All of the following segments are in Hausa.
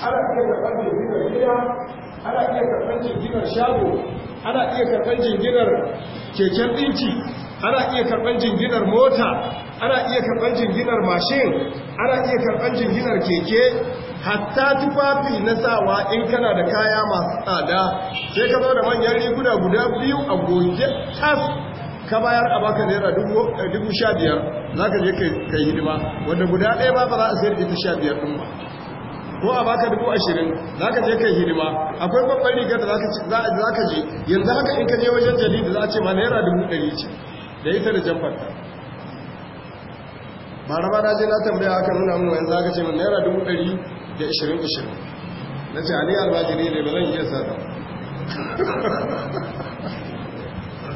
ana iya karɓar jirginar gida ana iya karɓar shago ana iya karɓar jirginar keken ɗinki ana iya karɓar mota ana iya karɓar jinginar mashin ana iya karɓar jinginar keke hatta tufafi na sawa in kana da kaya masu tsada sai ka zo da manyan riguna guda biyu a goge tas ka bayar a baka naira dubu eh, sha biyar za ka je ka yi hidima wanda guda ɗaya ba ba za a sayar ita sha biyar ɗin ba ko a baka dubu ashirin za ka je kai hidima akwai babban rigar da za ka je yanzu haka in ka je wajen jarida za a ce ma naira dubu ɗari ce da ita da jamfarta ba na na je na tambaya aka nuna mun yanzu aka ce min naira dubu ɗari da ashirin ashirin na ce ali albajiri ne ba zan iya sa ta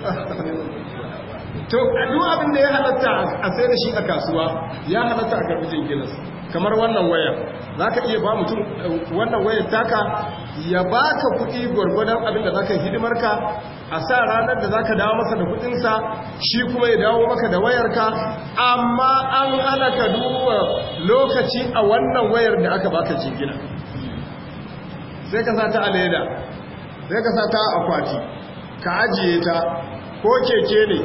to duk abin da ya halatta a sai da shi a kasuwa ya halatta a karbi jinginarsa kamar wannan wayar za ka iya ba mutum eh, wannan wayar taka ya baka kuɗi gwargwadon abin da za ka hidimarka a sa ranar da za ka dawo masa da kuɗinsa shi kuma ya dawo maka da wayarka amma an hana ka duba lokaci a wannan wayar da aka baka jigina. sai ka sa ta a leda sai ka sa ta a akwati ka ajiye ta ko keke ne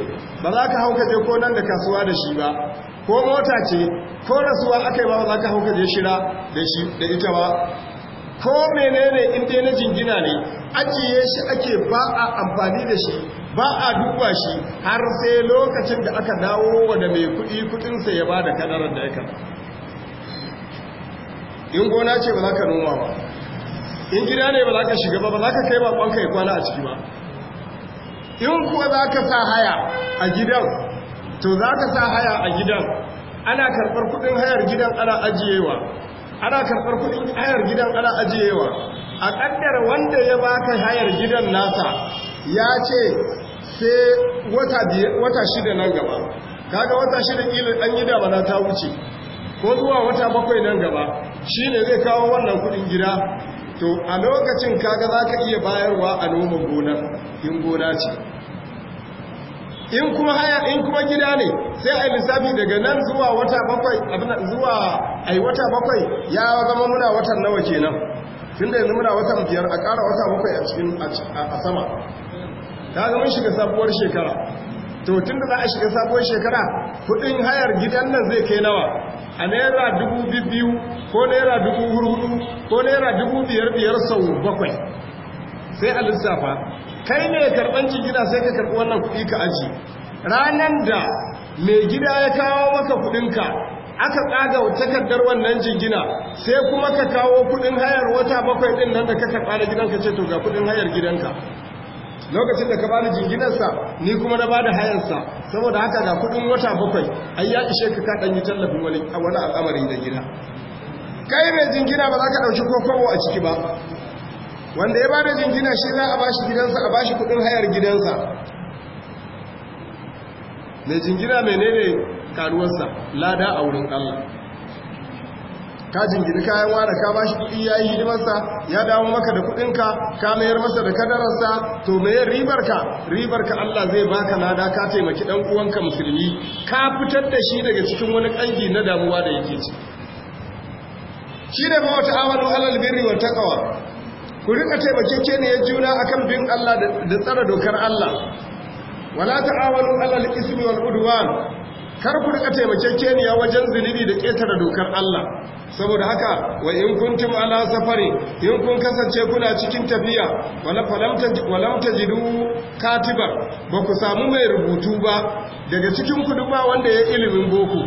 ba za ka hau ka je ko nan da kasuwa da shi ba ko mota ce ko rasuwa aka yi ba za ka hau ka je shira da ita ba ko menene inda na jingina ne ajiye shi ake ba a amfani da shi ba a duba shi har sai lokacin da aka dawo wa da mai kuɗi kuɗinsa ya ba da kadarar da ya kama in gona ce ba za ka noma ba in gida ne ba za ka shiga ba ba za ka kai kwanka ya kwana a ciki ba in kuwa za ka sa haya a gidan to za ka sa haya a gidan ana karɓar kuɗin hayar gidan ana ajiyewa ana karɓar kuɗin hayar gidan ana ajiyewa a ƙaddar wanda ya baka hayar gidan nasa ya ce sai wata shida nan gaba kaga wata shida ilil an yi damana ta wuce ko zuwa wata bakwai nan gaba shi ne zai kawo wannan kuɗin gida to a lokacin kaga za ka iya bayarwa a noman gonar in gona ce in kuma haya in kuma gida ne sai a lissafi daga nan zuwa wata bakwai abin zuwa yi wata bakwai ya zama muna watan nawa kenan tunda yanzu muna watan biyar a ƙara wata bakwai a cikin a sama ta zama shiga sabuwar shekara to tunda za a shiga sabuwar shekara kuɗin hayar gidan nan zai kai nawa a naira dubu biyu ko naira dubu hurhudu ko naira dubu biyar biyar sau bakwai sai a lissafa kai ne karban gida sai ka karbi wannan kuɗi ka aji ranan da mai gida ya kawo maka kuɗinka aka tsaga takardar wannan jingina sai kuma ka kawo kuɗin hayar wata bakwai ɗin nan da ka karɓa da gidanka ce to ga kuɗin hayar gidanka lokacin da ka ba da jinginarsa ni kuma na ba da hayarsa saboda haka ga kuɗin wata bakwai ai ya ishe ka ka ɗanyi tallafin wani al'amari da gida kai mai jingina ba za ka ɗauki ko a ciki ba wanda ya ba da jingina shi za a ba shi gidansa a ba shi kudin hayar gidansa mai jingina menene karuwarsa lada a wurin Allah ka jingini kayan wada ka ba bashi kudi yi hidimarsa ya damu maka da kudinka ka mayar masa da kadararsa to mayar ribarka ribarka Allah zai baka lada ka taimaki dan uwanka musulmi ka fitar da shi daga cikin wani kangi na damuwa da yake ci shi ne ba wata amanu alal birri wa taqwa ku rika taimakeke ne juna akan bin Allah da tsara dokar Allah wala ala alal ismi wal udwan kar ku rika taimakeke ne wajen zunubi da ketare dokar Allah saboda haka wa in kuntum ala safari in kun kasance kuna cikin tafiya wala falam tajidu katiba ba ku samu mai rubutu ba daga cikin ku duk ba wanda ya ilimin boko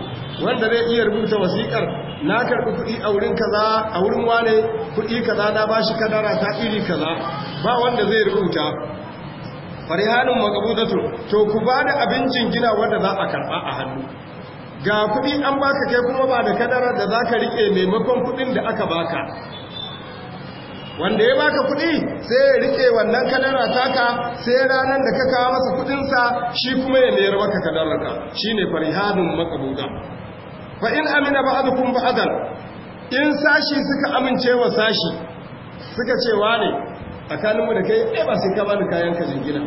wanda zai iya rubuta wasikar na karɓi kuɗi a wurin kaza a wurin wane kuɗi kaza na bashi kadara ta iri kaza ba wanda zai rubuta farihanun maqbudatu to ku ba da abincin gina wanda za a karba a hannu ga kuɗi an baka kai kuma ba da kadara da za ka rike maimakon kuɗin da aka baka wanda ya baka kuɗi sai ya rike wannan kadara taka sai ranar da ka kawo masa kuɗinsa shi kuma ya mayar maka kadararka shine farihanin maqbuda fa in amina ba'dukum ba'dan in sashi suka amince wa sashi suka ce wane tsakaninmu da kai ai ba sai ka bani kayan ka jingina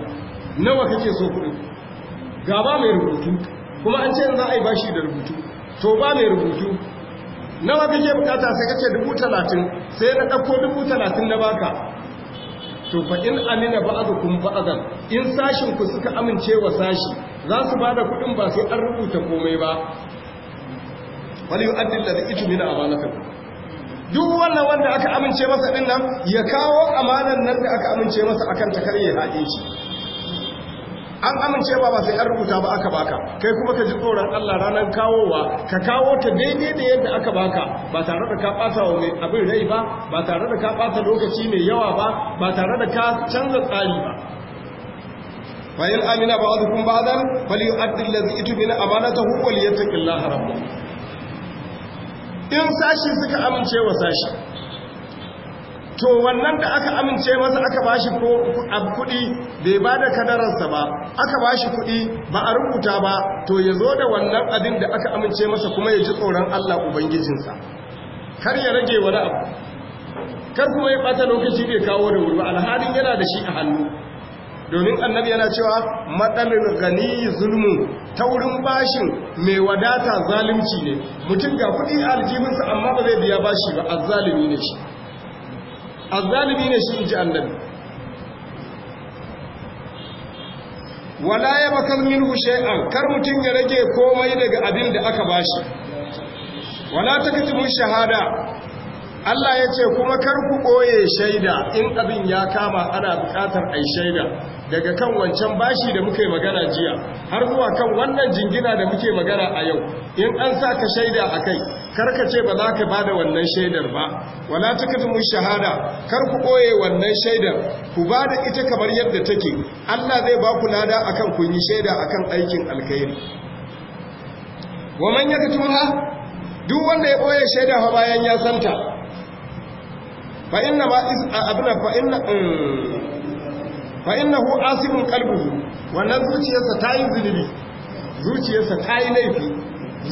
nawa kake so kuɗi ba mai rubutu kuma an ce za a yi bashi da rubutu to ba mai rubutu nawa kake bukata sai kace dubu talatin sai na ɗauko dubu talatin na baka to fa in amina ba'dukum ba'dan in sashin ku suka amince wa sashi za su bada kuɗin ba sai an rubuta komai ba wal yu'addi alladhi itmina amanatakum duk wannan wanda aka amince masa din nan ya kawo amanan nan da aka amince masa akan ta ya haɗe shi an amince ba ba sai an rubuta ba aka baka kai kuma ka ji tsoron Allah ranar kawowa ka kawo ta daidai da yadda aka baka ba tare da ka bata wa mai abin rai ba ba tare da ka bata lokaci mai yawa ba ba tare da ka canza tsari ba bayan amina ba ba zan ba'dukum ba'dan falyu'addi allazi itubina amanatahu wa liyattaqillaha rabbahu in sashi suka amince wa sashi to wannan da aka amince masa aka ba shi kudi bai ba da kadararsa ba aka ba shi kudi ba a rubuta ba to ya zo da wannan abin da aka amince masa kuma ya ji tsoron Allah ubangijinsa kar ya rage wani abu kar kuma ya bata lokaci bai kawo da wuri ba alhalin yana da shi a hannu domin annabi yana cewa matsalin gani zulmu taurin bashin mai wadata zalunci ne mutum ga kudi aljibinsa amma ba zai biya bashi ba azzalimi ne shi azzalimi ne shi inji annabi wala ya bakar minhu a kar mutum ya rage komai daga abin da aka bashi wala taktumu shahada Allah ya ce kuma kar ku ɓoye shaida in abin ya kama ana buƙatar a shaida daga kan wancan bashi da muke magana jiya har zuwa kan wannan jingina da muke magana a yau in an sa ka shaida a kai kar ka ce ba za ka ba da wannan shaidar ba wala mun shahada kar ku ɓoye wannan shaidar ku ba da ita kamar yadda take Allah zai ba ku lada akan kun yi shaida akan aikin alkhairi wa man duk wanda ya ɓoye shaida fa bayan ya santa fa inna hu abna fa mm, asibun wannan zuciyarsa ta yi zunubi zuciyarsa ta yi laifi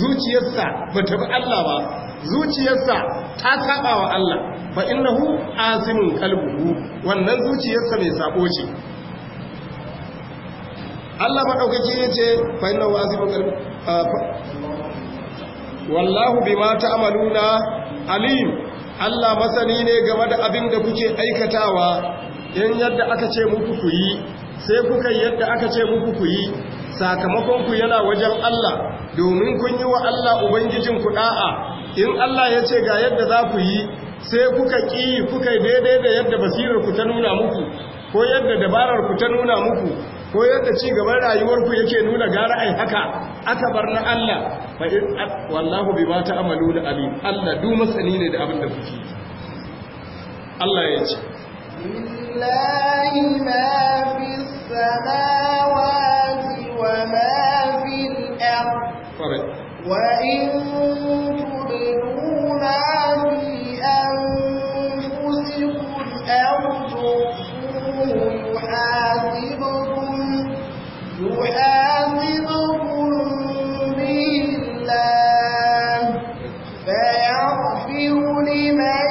zuciyarsa ba ta bi Allah ba zuciyarsa ta saba wa Allah fa hu asimun qalbuhu wannan zuciyarsa mai sabo ce Allah ya yace fa hu asimun qalbu wallahu bima ta'maluna alim Allah masani ne game da abin da kuke aikatawa in yadda aka ce muku ku yi sai kuka yadda aka ce muku ku yi sakamakon ku yana wajen Allah domin kun yi wa Allah ubangijin ku da'a in Allah ya ce ga yadda za ku yi sai kuka ki kuka daidai da yadda basirar ku ta nuna muku ko yadda dabarar ku ta nuna muku ko yadda ci gaban rayuwarku yake nuna gara ai haka aka bar na Allah fa in wallahu bima ta'maluna alim Allah du masani ne da abin da kuke Allah ya ce lillahi ma fis samawati wa ma fil ard wa in tudruna fi anfusikum aw tukhfuhu yuhasibukum يعاقبهم به فيغفر لمن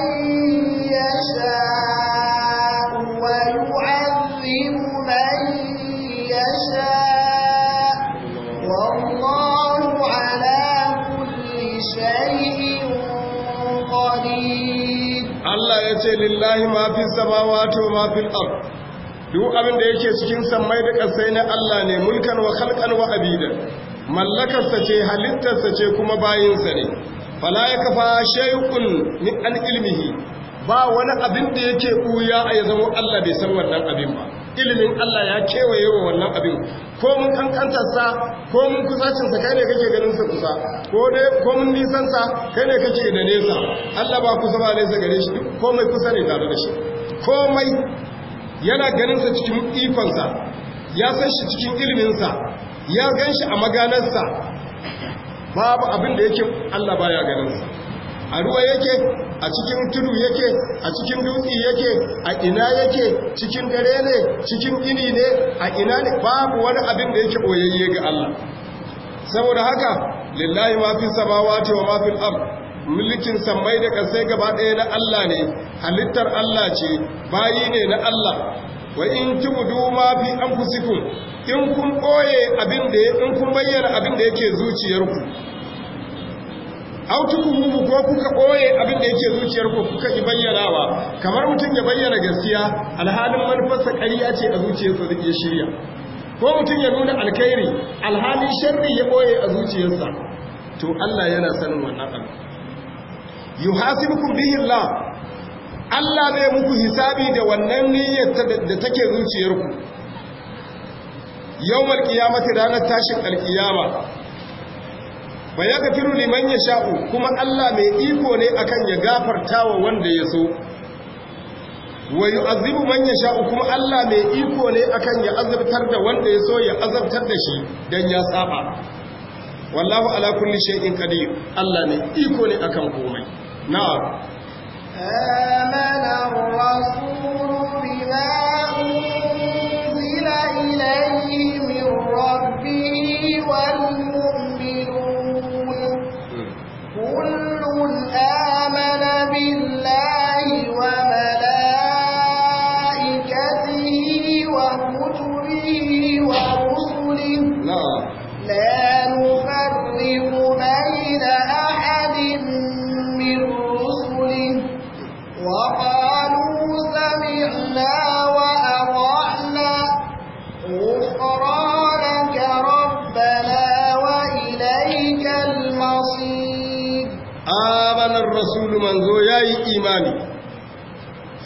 يشاء ويعذب من يشاء والله على كل شيء قدير الله يتي لله ما في السماوات وما في الأرض duk abin da yake cikin samai da ƙasai na Allah ne mulkan wa khalqan wa abida mallakarsa ce halittarsa ce kuma bayinsa ne fala ya kafa shay'un min an ilmihi ba wani abin da yake buya a ya zama Allah bai san wannan abin ba ilimin Allah ya kewaye wa wannan abin ko mun sa, ko mun sa kai ne kake ganin sa kusa ko dai ko mun nisansa kai ne kake da nesa Allah ba kusa ba nesa gare shi ko mai kusa ne tare da shi komai yana ganinsa cikin ikonsa ya san shi cikin iliminsa ya gan shi a maganarsa babu abin da yake Allah baya ganinsa a ruwa yake a cikin tudu yake a cikin dutse yake a ina yake cikin dare ne cikin ini ne a ina ne babu wani abin da yake boyayye ga Allah saboda haka lillahi ma fi samawati wa ma fil ard mulkin sammai da kasai gaba ɗaya na Allah ne halittar Allah ce bayi ne na Allah wa in tubdu ma fi anfusikum in kun koye abin da in kun bayyana abin da yake zuciyarku mu ko kuka ɓoye abin da yake zuciyarku kuka yi bayyanawa kamar mutum ya bayyana gaskiya alhalin manufarsa ƙarya ce a zuciyarsa da ke shirya ko mutum ya nuna alkhairi alhalin sharri ya ɓoye a zuciyarsa to Allah yana sanin wannan abu yuhasibukum bihi Allah Allah zai muku hisabi da wannan niyyar da take zuciyarku yawmal qiyamati ranar tashin alqiyama ya kafiru liman yasha'u kuma Allah mai iko ne akan ya gafarta wa wanda ya so wa Azibu man yasha'u kuma Allah mai iko ne akan ya azabtar da wanda ya so ya azabtar da shi dan ya saba wallahu ala kulli shay'in qadir Allah ne iko ne akan komai نعم آمن الرسول بما أنزل إليه من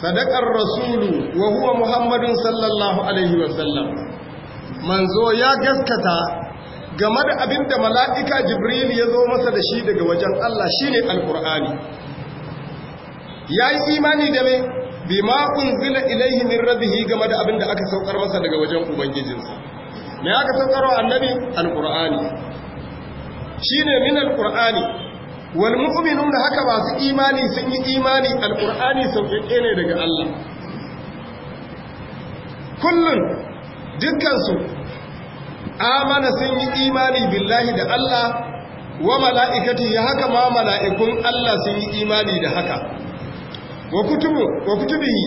sadaqar rasulu wa Muhammadu muhammadun sallallahu alaihi wa sallam manzo ya gaskata game da abinda mala'ika jibril ya zo masa da shi daga wajen Allah shine Ya yayi imani da me bima unzila ilaihi min rabihi game da abinda aka saukar masa daga wajen ubangijinsa me aka saukarwa wa annabi Shi shine min alqur'ani wal mu'minun da haka masu imani sun yi imani alqur'ani sauƙaƙe ne daga Allah kullun dukkansu amana sun yi imani billahi da Allah wa mala'ikati ya haka ma mala'ikun Allah sun yi imani da haka wa kutubu wa kutubihi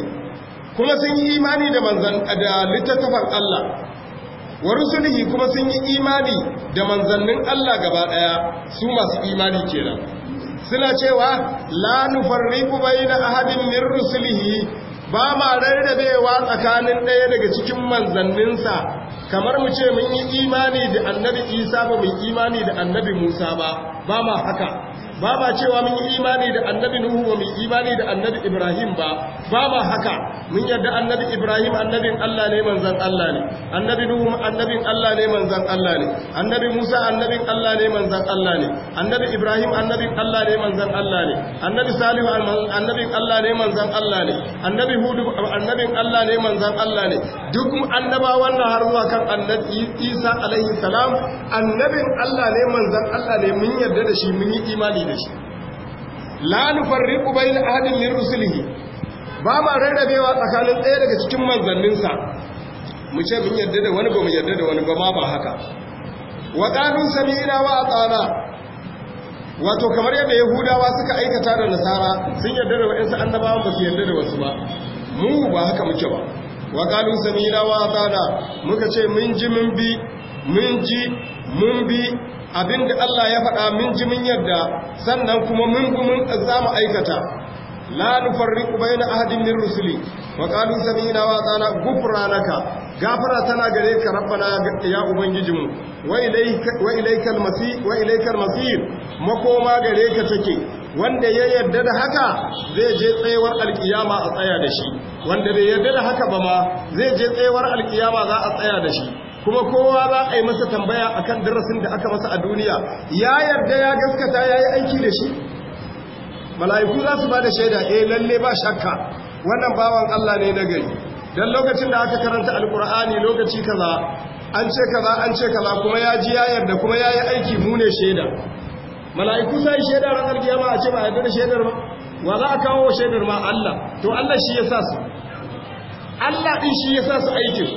kuma sun yi imani da manzan da littattafan Allah wa rusulihi kuma sun yi imani da manzannin Allah gaba daya su masu imani kenan suna cewa la nufarriqu baina ahadin min rusulihi ba ma rarrabewa tsakanin ɗaya daga cikin manzanninsa kamar mu ce mun yi imani da annabi Isa ba mu imani da annabi Musa ba ba ma haka ba ba cewa mun yi imani da annabi nuhu ba mun imani da annabi ibrahim ba ba ba haka mun yarda annabi ibrahim annabin allah ne manzan allah ne annabi nuhu annabin allah ne manzan allah ne annabi musa annabin allah ne manzan allah ne annabi ibrahim annabin allah ne manzan allah ne annabi salihu annabin allah ne manzan allah ne annabi hudu annabin allah ne manzan allah ne duk annabawan nan har zuwa kan annabi isa alaihi salam annabin allah ne manzan allah ne mun yarda da shi mun yi imani shi la nufarriqu bayna ahadin min rusulihi ba ma rarrabewa tsakanin ɗaya daga cikin manzanninsa mu ce mun yarda da wani ba mu yarda da wani ba ma ba haka wa qalu sami'na wa atana wato kamar yadda yahudawa suka aikata da nasara sun yarda da wa'ansu annabawa ba su yarda da wasu ba mu ba haka muke ba wa qalu sami'na wa atana muka ce mun ji mun bi mun ji mun bi abinda Allah ya faɗa mun ji mun yarda sannan kuma mun bi mun mu aikata la nufarriqu bayna ahadin min rusuli wa qalu sami'na wa ata'na ghufranaka gafara tana gare ka rabbana ya ubangijinmu wa ilayka wa ilaykal masir wa ilaykal masir makoma gare ka take wanda ya yarda da haka zai je tsayewar alkiyama a tsaya da shi wanda bai yarda da haka ba ma zai je tsayewar alkiyama za a tsaya da shi kuma kowa ba a yi masa tambaya a kan darasin da aka masa a duniya ya yarda ya gaskata ya yi aiki da shi mala'iku za su ba da shaida eh lalle ba shakka wannan bawan Allah ne na gari Don lokacin da aka karanta alkur'ani lokaci kaza an ce kaza an ce kaza kuma ya ji ya yarda kuma ya yi aiki mune shaida mala'iku sai shaida ran alkiyama a ce ba yarda da shaidar ba wa za a kawo shaidar ma Allah to Allah shi ya sa su Allah din shi ya sa su aikin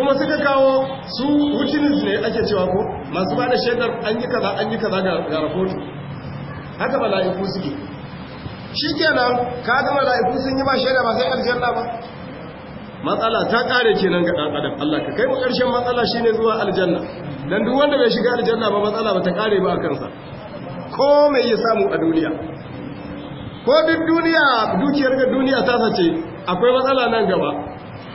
kuma suka kawo su witness ne ake cewa ko masu bada da shaidar an yi kaza an yi kaza ga rahoto haka mala'iku suke shikenan ka ga mala'iku sun yi ba shaida ba sai aljanna ba matsala ta kare kenan ga dan adam Allah ka kai mu karshen matsala shine zuwa aljanna dan duk wanda bai shiga aljanna ba matsala ba ta kare ba a kansa ko mai ya samu a duniya ko duk duniya dukiyar ga duniya ta sace akwai matsala nan gaba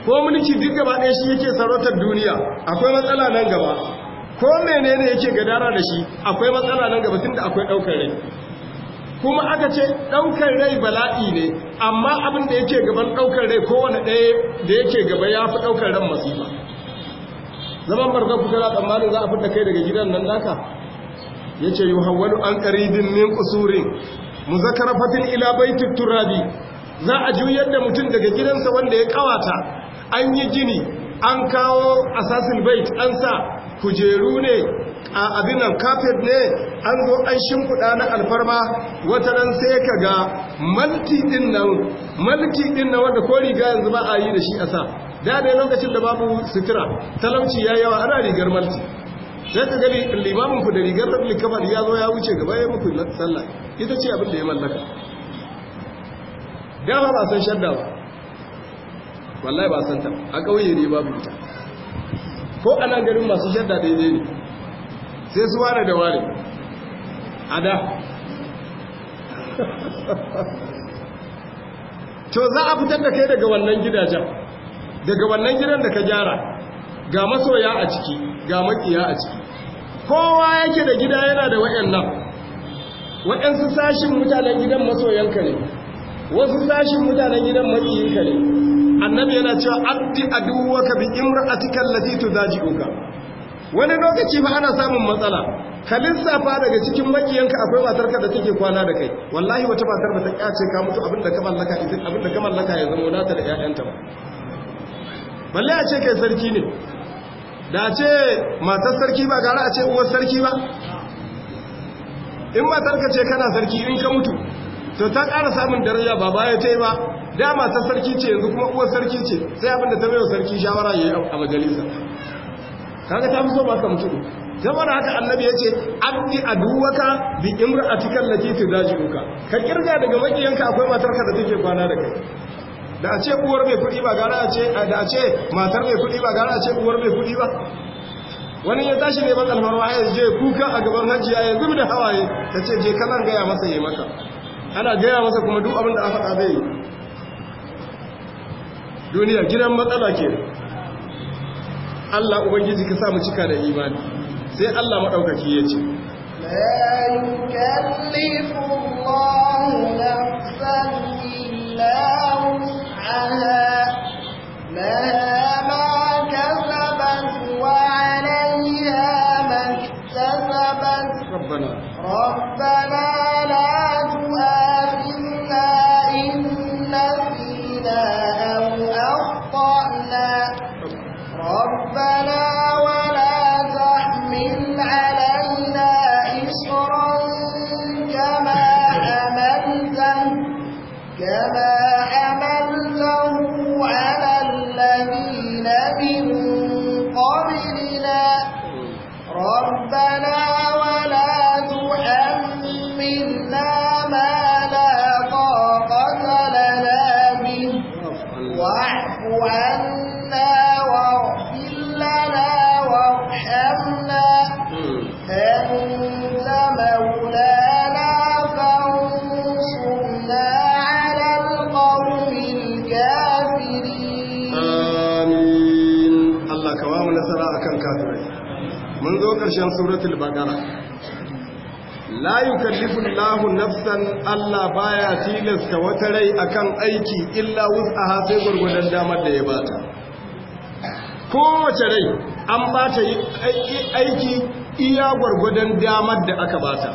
ko mulki duk gaba ɗaya shi yake sarautar duniya akwai matsala nan gaba ko menene yake gadara da shi akwai matsala nan gaba tunda akwai ɗaukar rai kuma aka ce ɗaukar rai bala'i ne amma abin da yake gaban ɗaukar rai kowane ɗaya da yake gaba ya fi ɗaukar ran masifa zaman barka kuka na tsammanin za a fita kai daga gidan nan naka ya ce an qaridin min ƙusurin mu zakara fatin ila baitin turabi za a juyar da mutum daga gidansa wanda ya ƙawata an yi gini an kawo assassin bait an sa kujeru ne a abin nan carpet ne an zo an shimfiɗa na alfarma wata nan sai ka ga malki ɗin nan malki ɗin nan wanda ko riga yanzu ba a yi da shi a sa da dai lokacin da babu sutura talauci ya yawa ana rigar malti sai ka gani limamin ku da rigar rabin ya zo ya wuce gaba ya muku sallah ita ce abin da ya mallaka dama ba san shadda ba wallahi ba san ta a ƙauye ne babu ita ko a nan garin masu shadda daidai ne sai su ware da ware a da to za a fitar da kai daga wannan gidajen daga wannan gidan da ka gyara ga masoya a ciki ga makiya a ciki kowa yake da gida yana da wayannan waɗansu sashin mutanen gidan masoyanka ne wasu sashin mutanen gidan makiyinka ne annabi yana cewa addi aduwaka bi imra'atika allati tudaji'uka wani lokaci fa ana samun matsala ka lissafa daga cikin makiyanka akwai ka da take kwana da kai wallahi wata matar ba ta kace ka mutu abinda ka mallaka idan abinda ka mallaka ya zama wadata da ƴaƴanta ba balle a ce kai sarki ne da ce matar sarki ba gara a ce uwar sarki ba in ka ce kana sarki in ka mutu to ta ƙara samun daraja ba baya ta yi ba da matar sarki ce yanzu kuma uwar sarki ce sai abin da ta wa sarki shawara ya yi a majalisa kaga ta fi so ba ka mutu saboda haka annabi ya ce abdi duwaka bi imra'atikal lati uka ka kirga daga makiyanka akwai matar ka da take kwana da kai da a ce uwar mai kudi ba gara a ce da a ce matar mai kudi ba gara a ce uwar mai kudi ba wani ya tashi ne ban alfarwa ya je kuka a gaban hajiya ya zubi da hawaye ta ce je kalan gaya masa yi maka ana gaya masa kuma duk abin da a faɗa zai yi duniya gidan matsala ke Allah ubangiji ka samu cika da imani sai Allah maɗaukaki ya ce la yukallifu Allahu nafsan illa wus'aha laha ma kasabat wa 'alayha ma iktasabat ربنا suratul baqara la yukallifu Allahu nafsan Allah baya tilasta wata rai akan aiki illa wus'aha sai gurgudan damar da ya bata kowace rai an bata aiki iya gurgudan damar da aka bata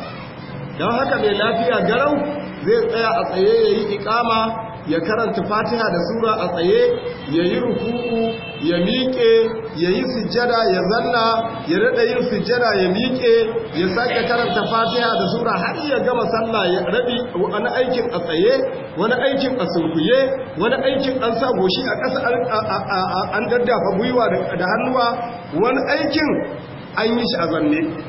don haka mai lafiya garau zai tsaya a tsaye yayi ikama ya karanta fatiha da sura a tsaye ya yi ruku'u ya miƙe ya yi sujjada ya zanna ya rada yin sujjada ya miƙe ya sake karanta fatiha da sura har ya gama sallah ya rabi wani aikin a tsaye wani aikin a sunkuye wani aikin an sa goshi a ƙasa an daddafa gwiwa da hannuwa wani aikin an yi shi a zanne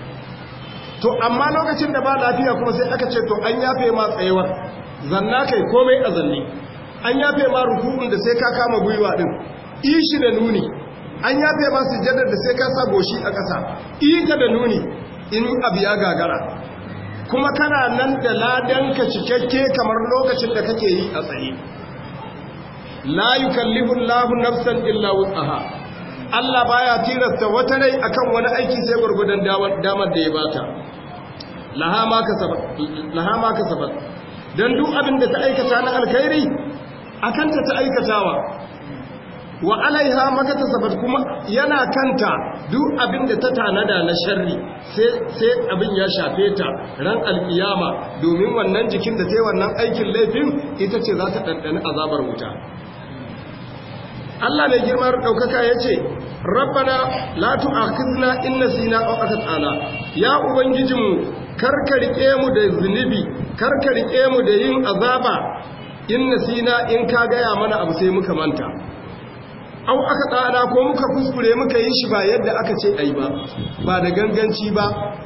to amma lokacin da ba lafiya kuma sai aka ce to an yafe ma tsayewar zanna kai komai a zanne an yafe ma ruku'un da sai ka kama gwiwa din ishi da nuni an yafe masu jaddar da sai ka sa goshi a ƙasa ita da nuni in abu ya gagara kuma kana nan da ladanka cikakke kamar lokacin da kake yi a tsaye la yukallifu Allahu nafsan illa wus'aha Allah baya tirasta wata rai akan wani aiki sai gurgudan damar da ya bata laha ma ka laha ma dan duk abin da ta aikata na alkhairi akan ta ta aikatawa wa alaiha makata sabat kuma yana kanta duk abin da ta tanada na sharri sai abin ya shafe ta ran alkiyama domin wannan jikin da ta yi wannan aikin laifin ita ce za ta ɗanɗani azabar wuta Allah mai girma ɗaukaka ya ce rabbana la na in a aw tsana, ya ubangijinmu karkar mu da zunubi riƙe mu da yin azaba in sina in ka gaya mana abu sai muka manta au aka tsada ko muka kuskure muka yi shi ba yadda aka ce ai ba ba da ganganci ba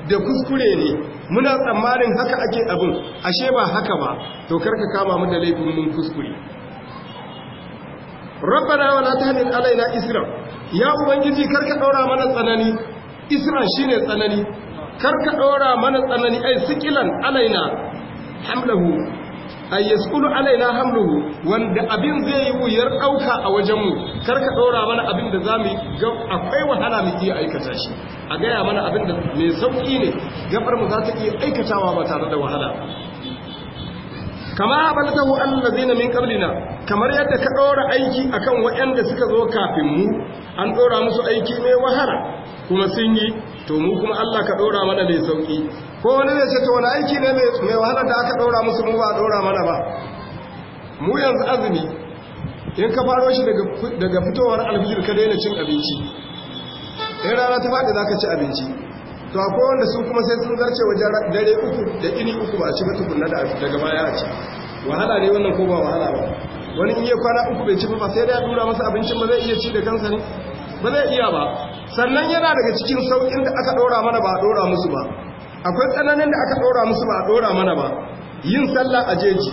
da kuskure ne muna tsammanin haka ake abin ashe ba haka ba to karka kama mu da laifin mun kuskure rabbana wala tahmil alaina isra ya ubangiji karka daura mana tsanani isra shine tsanani karka daura mana tsanani ai sikilan alaina hamlahu a yaskulu alaina hamluhu wanda abin zai yi wuyar ɗauka a wajenmu kar ka ɗora mana abin da za mu ga akwai wahala mu iya aikata shi a gaya mana abin da mai sauƙi ne gabar mu za ta iya aikatawa ba tare da wahala kama Allah allazina min qablina kamar yadda ka ɗora aiki akan waɗanda suka zo kafin mu an ɗora musu aiki mai wahala kuma sun yi to mu kuma Allah ka ɗora mana mai sauki ko wani zai ce to wani aiki ne mai wahala da aka dora musu mu ba dora mana ba mu yanzu azumi in ka faro shi daga fitowar alfijir ka daina cin abinci in rana ta faɗi zaka ci abinci to akwai wanda su kuma sai sun zarce wajen dare uku da ini uku ba a ci ba tukunna daga baya a ci wahala ne wannan ko ba wahala ba wani iya kwana uku bai ci ba sai dai ya dura masa abincin ba zai iya ci da kansa ne ba zai iya ba sannan yana daga cikin sauƙin da aka ɗora mana ba a ɗora musu ba akwai tsananin da aka ɗora musu ba a ɗora mana ba yin sallah a jeji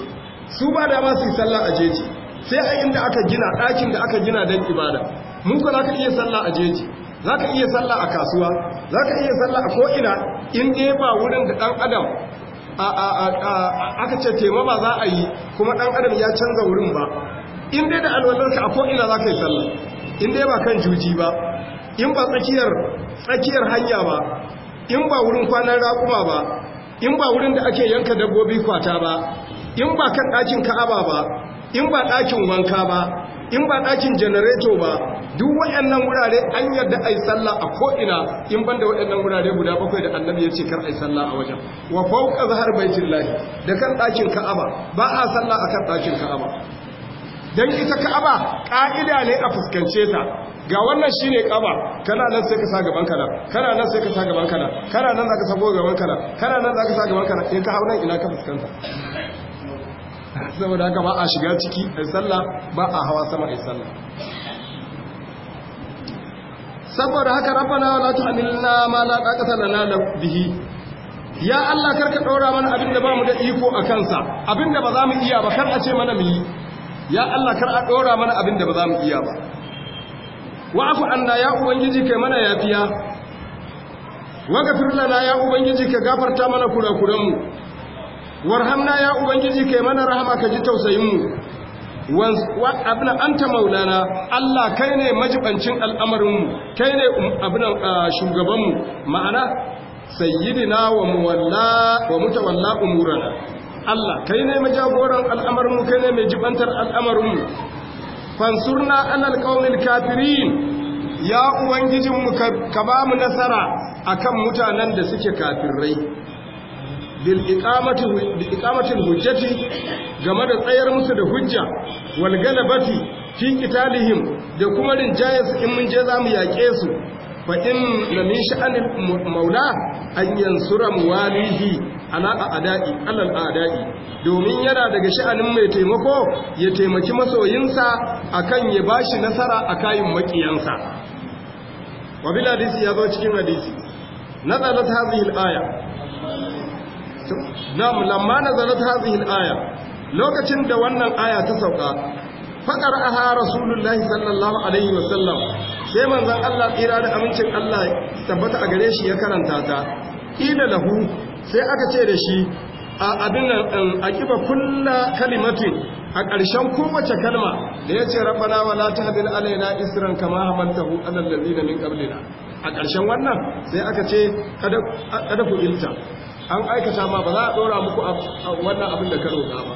su ba da yi sallah a jeji sai a inda aka gina ɗakin da aka gina don ibada mun kuna ka iya sallah a jeji za ka iya sallah a kasuwa za ka iya sallah a ko'ina in ya ba wurin da ɗan adam aka ce ba za a yi kuma ɗan adam ya canza wurin ba in da alwalarka a ko'ina za ka yi sallah in ya ba kan juji ba in ba tsakiyar hanya ba in ba wurin kwanan raƙuma ba in ba wurin da ake yanka dabbobi kwata ba in ba kan ɗakin ka'aba ba in ba ɗakin wanka ba in ba ɗakin janareto ba duk waɗannan wurare an yarda a yi sallah a ko'ina in ban da waɗannan wurare guda bakwai da annabi ya ce kar a yi sallah a wajen wa fauka zahar baitin lahi da kan ɗakin ka'aba ba a sallah a kan ɗakin ka'aba don ita ka'aba ƙa'ida ne a fuskance ta ga wannan shi ne ƙaba kana nan sai ka sa gaban kana kana nan sai ka sa gaban kana kana nan za ka sa gaban kana kana nan za ka sa gaban kana in ka hau nan ina ka fuskanta saboda haka ba a shiga ciki ai sallah ba a hawa sama ai sallah saboda haka rabbana la tu'minna ma la taqata lana bihi ya Allah karka ɗora mana abin da ba mu da iko a kansa abin da ba za mu iya ba kar a ce mana mu yi ya Allah kar a ɗora mana abin da ba za mu iya ba wa'afu anna ya ubangiji kai mana yafiya firla lana ya ubangiji ka gafarta mana kurakuranmu warhamna ya ubangiji kai mana rahama ka ji tausayinmu abin anta maulana Allah kai ne majibancin al'amarinmu kai ne um- abin shugabanmu ma'ana sayyidina wa muwalla wa mutawalla umurana Allah kai ne majagoran al'amarinmu kai ne mai jibantar al'amarinmu fansurna alal qaumil kafirin ya ubangijinmu ka ba mu nasara akan mutanen da suke kafirai bil’iƙamatin hujjati game da tsayar musu da hujja wal galabati fi qitalihim da kuma su in mun je zamu yaƙe su fa in na min sha'anil maula an yansura muwalihi ala a'da'i alal a'da'i domin yana daga sha'anin mai taimako ya taimaki masoyinsa akan ya bashi nasara a kayan makiyansa wa bil ya zo cikin hadisi tsada hadhihi al-aya na'am lamma nazalat hadhihi al-aya lokacin da wannan aya ta sauka faqara aha rasulullahi sallallahu alaihi Sallam sai manzon Allah tsira da amincin Allah tabbata a gare shi ya karanta ta ila lahu sai aka ce da shi a abin nan um, kullu kalimatin a ƙarshen kowace kalma da ya ce rabbana wala tahmil alaina isran kama hamaltahu alal ladina min qablina a ƙarshen wannan sai aka ce kada ku ilta an aikata ma ba za a dora muku wannan abin da karo roƙa ba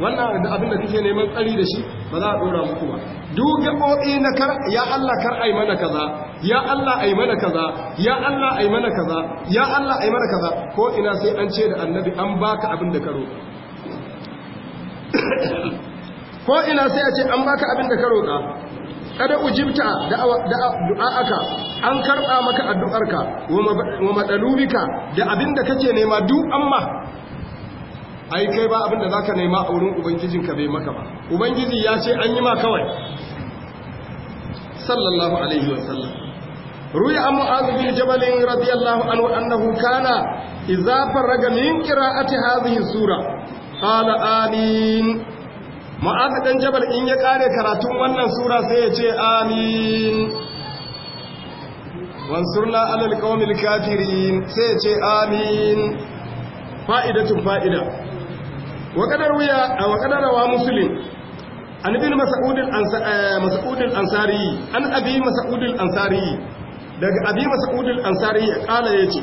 wannan abin da kake neman tsari da shi ba za a dora muku ba duk gaɓoɓi na kar ya Allah kar ai mana kaza ya Allah ai mana kaza ya Allah ai mana kaza ya Allah ai mana kaza ko ina sai an ce da annabi an baka abin da karo ko ina sai a ce an baka abin da ka kada ujibta du'a'aka an karɓa maka addu'arka wa madalubika da abinda kake nema duk amma ai kai ba abin da zaka nema a wurin ubangijinka bai maka ba ubangiji ya ce an yi ma kawai sallallahu alaihi wa sallam ruya an azbi jabalin radiyallahu anhu annahu kana idza faraga min qira'ati hadhihi sura qala amin ma'azu ɗan jabal in ya ƙare karatun wannan sura sai ya ce amin wansurna alal kawamil kafirin sai ya ce amin fa'idatun fa'ida wa kadar wuya wa kadarawa musulun an bin masa'udin eh, ansari ansari an abi masa'udin ansari daga abi mas'ud al-ansari kala yace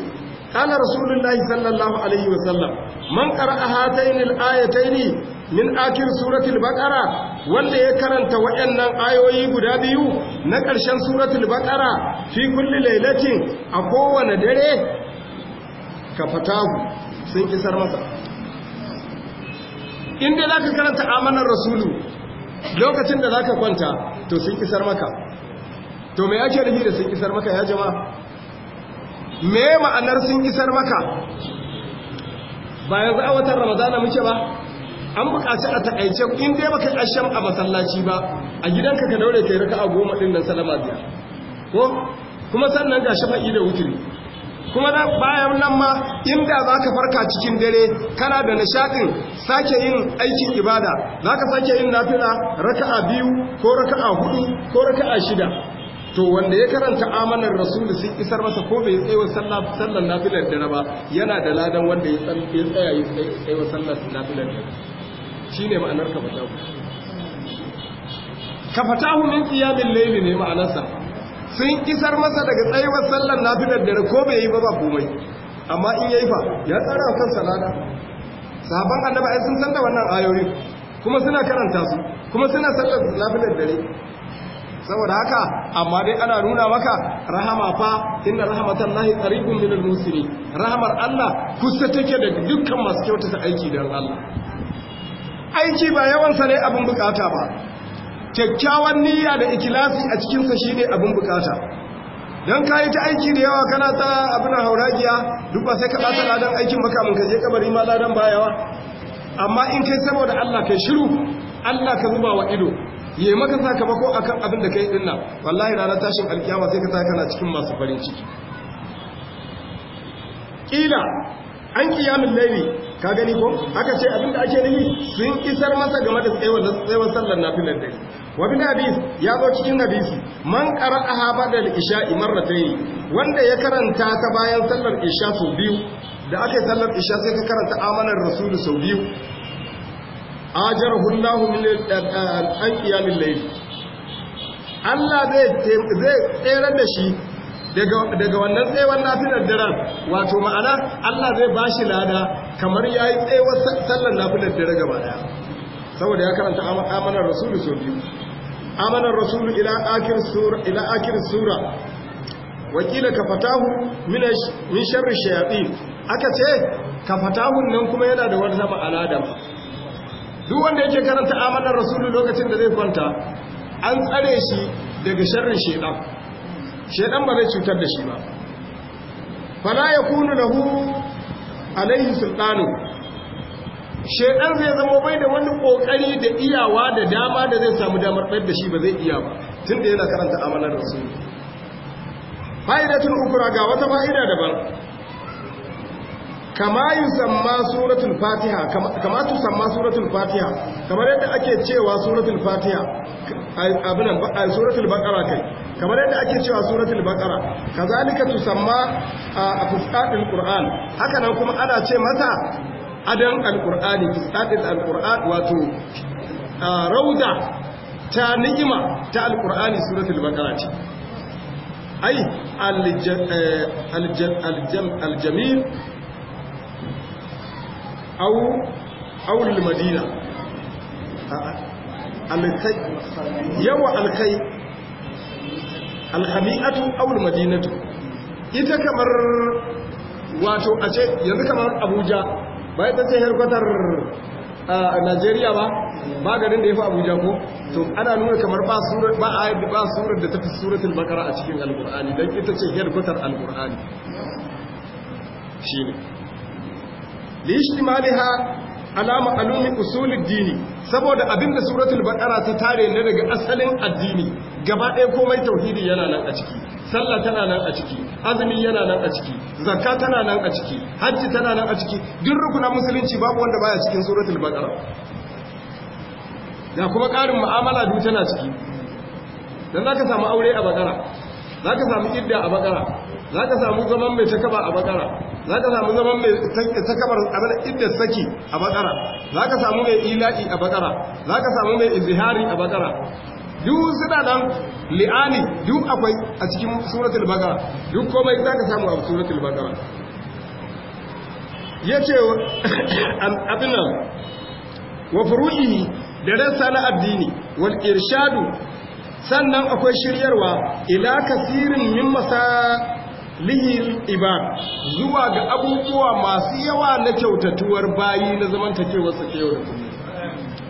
kala lahi sallallahu alaihi wasallam man a hatayin al’ayatai ne min akhir suratul baqara wanda ya karanta waɗannan ayoyi guda biyu na ƙarshen suratul baqara fi kulli lailatin a kowane dare ka fatahu sun kisar masa inda zaka karanta amanar rasulu lokacin da zaka kwanta to sun kisar maka to me yake nufi da sun kisar maka ya jama'a me ma'anar sun kisar maka ba yanzu a watan ramadana muke ba an buƙaci a takaice in dai baka kashin a masallaci ba a gidanka ka daure kai raka'a goma din nan salama biyar ko kuma sannan ga shafa'i da wutiri kuma bayan nan ma inda za ka farka cikin dare kana da nishaɗin sake yin aikin ibada za ka sake yin nafila raka'a biyu ko raka'a hudu ko raka'a shida to wanda ya karanta amanar rasul sun isar masa ko bai tsayawa sallar nafilar dare ba yana da ladan wanda ya tsaya ya tsayawa sallar nafilar dare Shi ne ma'anar kafatahu kafatahu min qiyamil laili ne ma'anarsa sun kisar masa daga tsayuwar sallar fi daddare ko bai yi ba ba komai amma in yayi fa ya tsara kan salada sahabban annabi ai sun san da wannan ayoyi kuma suna karanta su kuma suna sallar na fi daddare saboda haka amma dai ana nuna maka rahama fa inna lahi qaribun minal muslimin rahmar Allah kusa take da dukkan masu kyautata aiki dan Allah aiki ba yawansa ne abin bukata ba kyakkyawan niyya da ikilasi a cikinsa shi ne abin bukata don ka yi ta aiki da yawa kana ta abin hauragiya duk ba sai ka ɓata ladan aikin makamin ka je kabari ma ladan ba amma in kai saboda Allah kai shiru Allah ka zuba wa ido yi maka sakamako akan abin da kai dinna wallahi ranar tashin alkiyama sai ka ta kana cikin masu farin ciki kila an kiyamin laili ka gani ko aka ce abin da ake nufi sun isar masa game da tsayawar sallar nafilar dare wa bin hadis ya zo cikin hadisi man qara'aha ba'da da ishai marratayn wanda ya karanta ta bayan sallar isha sau biyu da aka sallar isha sai ka karanta amanar rasul sau biyu ajarahu Allah min al iyalin layl Allah zai tsere da shi daga wannan tsayawar nafilar daren wato ma'ana Allah zai ba shi lada kamar ya yi sallan sallar nafilar dare gaba daya saboda ya karanta amanar rasulu sau biyu amanar rasulu ila akir sura ila akir sura wakila ka fatahu min sharri shayaɗi aka ce ka fatahun nan kuma yana da wata zama al'adam duk wanda yake karanta amanar rasulu lokacin da zai kwanta an tsare shi daga sharrin shaytan shaidan ba zai cutar da shi ba fala ya kunu da hu alaihi sultanu shaidan zai zama bai da wani kokari da iyawa da dama da zai samu damar ɓayar da shi ba zai iya ba tun da yana karanta amanar rasu fa'idatun ukura ga wata fa'ida daban kama samma suratul fatiha kama samma suratul fatiha kamar yadda ake cewa suratul fatiha abinan eh, suratul bakara kai kamar yadda ake cewa suratul bakara kazalika tusamma a fuskatul qur'an haka nan kuma ana ce mata adan alqur'ani fuskatul alqur'an wato rauda ta ni'ima ta alqur'ani suratul bakara ce ai eh, aljamil au au madina alkai yawa alkai alhami'atu awul madinatu ita kamar wato a ce yanzu kamar abuja ba ita ce harkatar a uh, najeriya ba ba garin da ya fi abuja ko to ana nuna kamar ba a ba surar da ta fi suratul bakara a cikin alkur'ani don ita ce harkatar alkur'ani shi ne lishtimaliha alama alumi usulul dini saboda abinda suratul baqara ta tare ne daga asalin addini gaba ɗaya komai tauhidi yana nan a ciki sallah tana nan a ciki azumi yana nan a ciki zakka tana nan a ciki hajji tana nan a ciki duk rukunan musulunci babu wanda baya cikin suratul baqara da kuma karin mu'amala duk tana ciki dan zaka samu aure a baqara zaka samu idda a baqara zaka samu zaman mai takaba a baqara za ka samu zaman mai sakabar abin inda saki a bakara za ka samu mai ila'i a bakara za ka samu mai izihari a bakara duk suna nan li'ani duk akwai a cikin suratul bakara duk komai za ka samu a suratul bakara ya ce abin nan wa furu'i da rasa na addini wal irshadu sannan akwai shiryarwa ila kasirin min masa lihil ibad zuwa ga abubuwa masu yawa na kyautatuwar bayi na zaman ke yau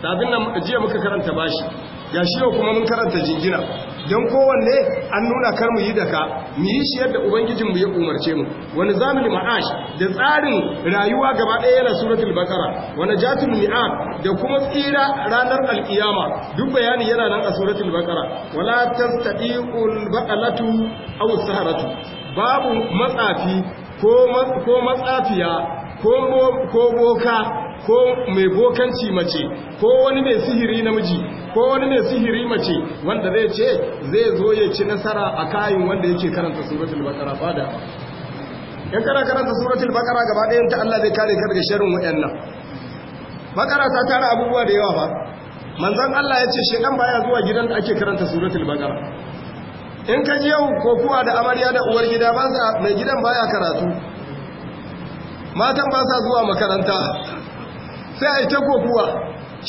da nan jiya muka karanta bashi ga shi yau kuma mun karanta jingina don kowanne an nuna kar mu yi daka mu yi shi yadda ubangijin mu ya umarce mu wani zamil ma'ash da tsarin rayuwa gaba ɗaya yana suratul bakara wani jatul ni'a da kuma tsira ranar alkiyama duk bayani yana nan a suratul bakara wala tastati'ul baqalatu aw saharatu babu matsafi ko matsafiya ko boka ko mai bokanci mace ko wani mai sihiri namiji ko wani mai sihiri mace wanda zai ce zai zo ya ci nasara a kayan wanda yake karanta suratul baqara fada yan kana karanta suratul bakara gaba ɗaya ta Allah zai kare ka daga sharrin wayannan bakara ta tara abubuwa da yawa ba manzon Allah ya ce shedan baya zuwa gidan da ake karanta suratul bakara in ka ji yau kokuwa da amarya da uwar gida ba sa mai gidan baya karatu matan ba sa zuwa makaranta sai a yi ta kokuwa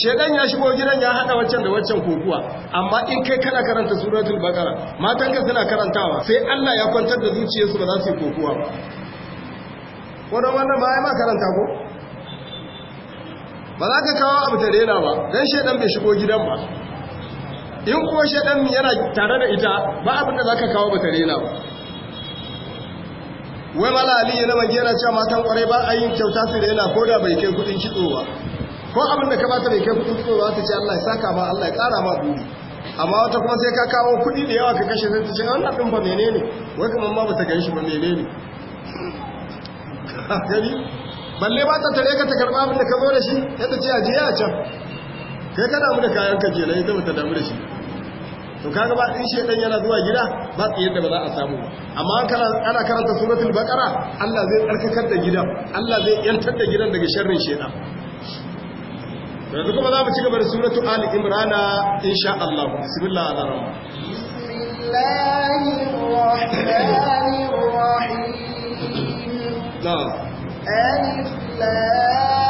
shekan ya shigo gidan ya hada waccan da waccan kokuwa amma in kai kana karanta suratul bakara matan ka suna karantawa sai Allah ya kwantar da zuciyarsu ba za su yi kokuwa ba wannan wannan ba ya ma karanta ko ba za ka kawo abu ta rena ba don shekan bai shigo gidan ba in kuma shaɗan yana tare da ita ba abin da za ka kawo ba ta rena ba wai mala ali yana mage yana cewa matan kwarai ba a yin kyauta su rena ko da bai kai kudin kitso ba ko abin da ka bata bai kai kudin kitso ba ta ce Allah ya saka ma Allah ya ƙara ma buri amma wata kuma sai ka kawo kudi da yawa ka kashe sai ta ce wannan ɗin ba menene wai kamar ma ba ta gan shi ba menene gani balle ba ta tare ka ta karɓa abin da ka zo da shi ya ta ce a je a can kai ka damu da kayan ka je na ita ba ta damu da shi to kaga ba in shedan yana zuwa gida ba su yadda ba za a samu amma ana karanta suratul baqara Allah zai tsarkakar da gidan Allah zai yantar da gidan daga sharrin shedan yanzu kuma za mu ci gaba da suratul ali imrana insha Allah bismillah ar-rahman bismillahir rahmanir rahim na'am alif lam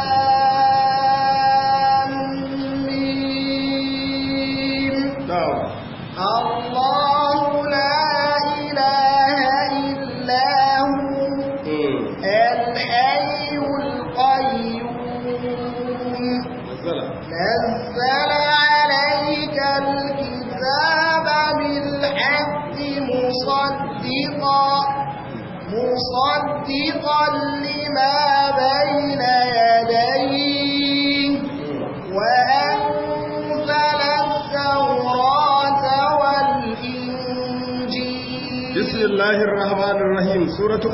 Suratu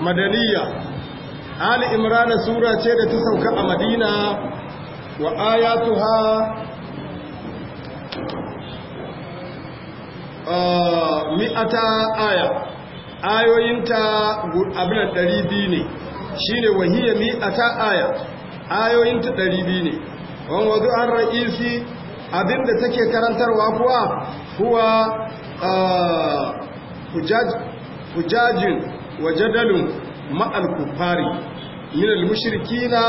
madaniya ali imrana sura ce da ta sauka a madina wa ayatuha ah, mi'ata aya ayoyinta da ɗari biyu ne shi ne wahiyya ta aya ayoyinta ɗari biyu ne wani wazo an ra'isi abinda take karantarwa kuwa kuwa hujjajin wa jadalin ma'al kufari minal mushrikina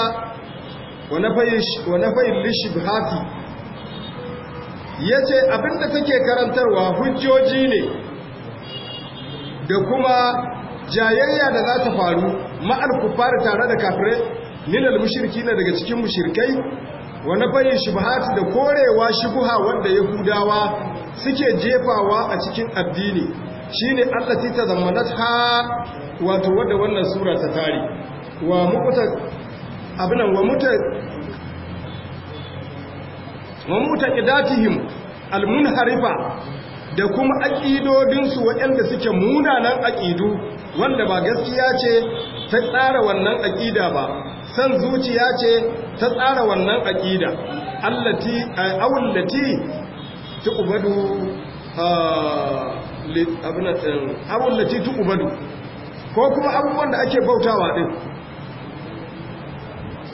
wa nafayin lishibhati ya ce abinda take karantarwa hujjoji ne da kuma jayayya da za ta faru ma'al kufari tare da kafire nilal mushirki na daga cikin mushrikai wani nafayin shubhat da korewa shubuha wanda yahudawa suke jefawa a cikin addini shine allati tazammanatha wato wadda wannan sura ta tare wa mukuta abinan wa muta wa muta almunharifa da kuma aƙidodinsu waɗanda suke munanan aƙidu wanda ba gaskiya ce ta tsara wannan aƙida ba san zuciya ce ta tsara wannan aƙida allati eh, awallati tuqbadu eh, eh, awallati tuqbadu ko kuma abubuwan da ake bautawa din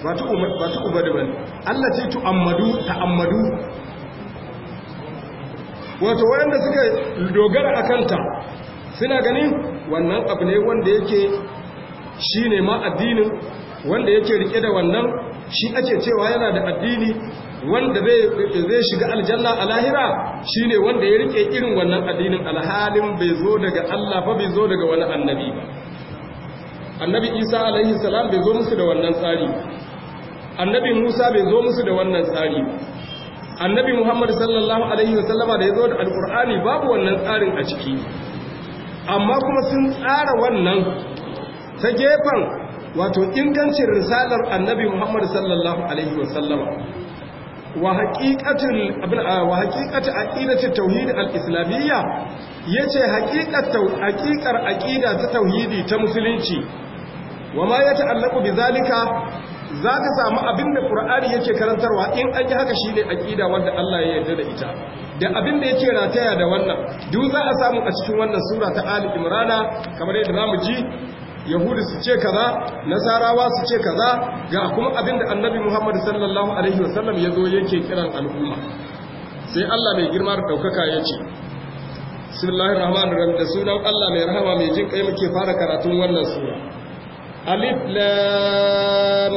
ba tuqbadu bane allati tu'ammadu ta'ammadu wato wayanda suka dogara a kanta suna ganin wannan abu ne wanda yake shi ne ma addinin wanda yake rike da wannan shi ake cewa yana da addini wanda zai shiga aljanna a lahira shi ne wanda ya rike irin wannan addinin alhalin bai zo daga Allah ba bai zo daga wani annabi ba annabi isa alaihi salam bai zo musu da wannan tsari annabin musa bai zo musu da wannan tsari ba annabi Muhammadu sallallahu alaihi sallama da ya zo da alkur'ani babu wannan tsarin a ciki amma kuma sun tsara wannan ta gefen wato ingancin risalar annabi Muhammadu sallallahu alaihi sallama. wa haƙiƙatin aƙidacin tauhidin al'islamiyya ya ce haƙiƙar aƙida ta tauhidi ta musulunci wa ma ya ta'allaku bi zalika za ka samu abin da ƙura'ari yake karantarwa in an yi haka shi ne aƙida wanda Allah ya yarda da ita da abin da yake rataya da wannan duk za a samu a cikin wannan sura ta ali imrana kamar yadda za mu ji yahudu su ce kaza nasarawa su ce kaza ga kuma abin da annabi muhammad sallallahu alaihi wasallam ya zo yake kiran al'umma sai allah mai girma da ɗaukaka ya ce bismillahir rahmanir rahim da sunan allah mai rahama mai jin kai muke fara karatun wannan sura alif lam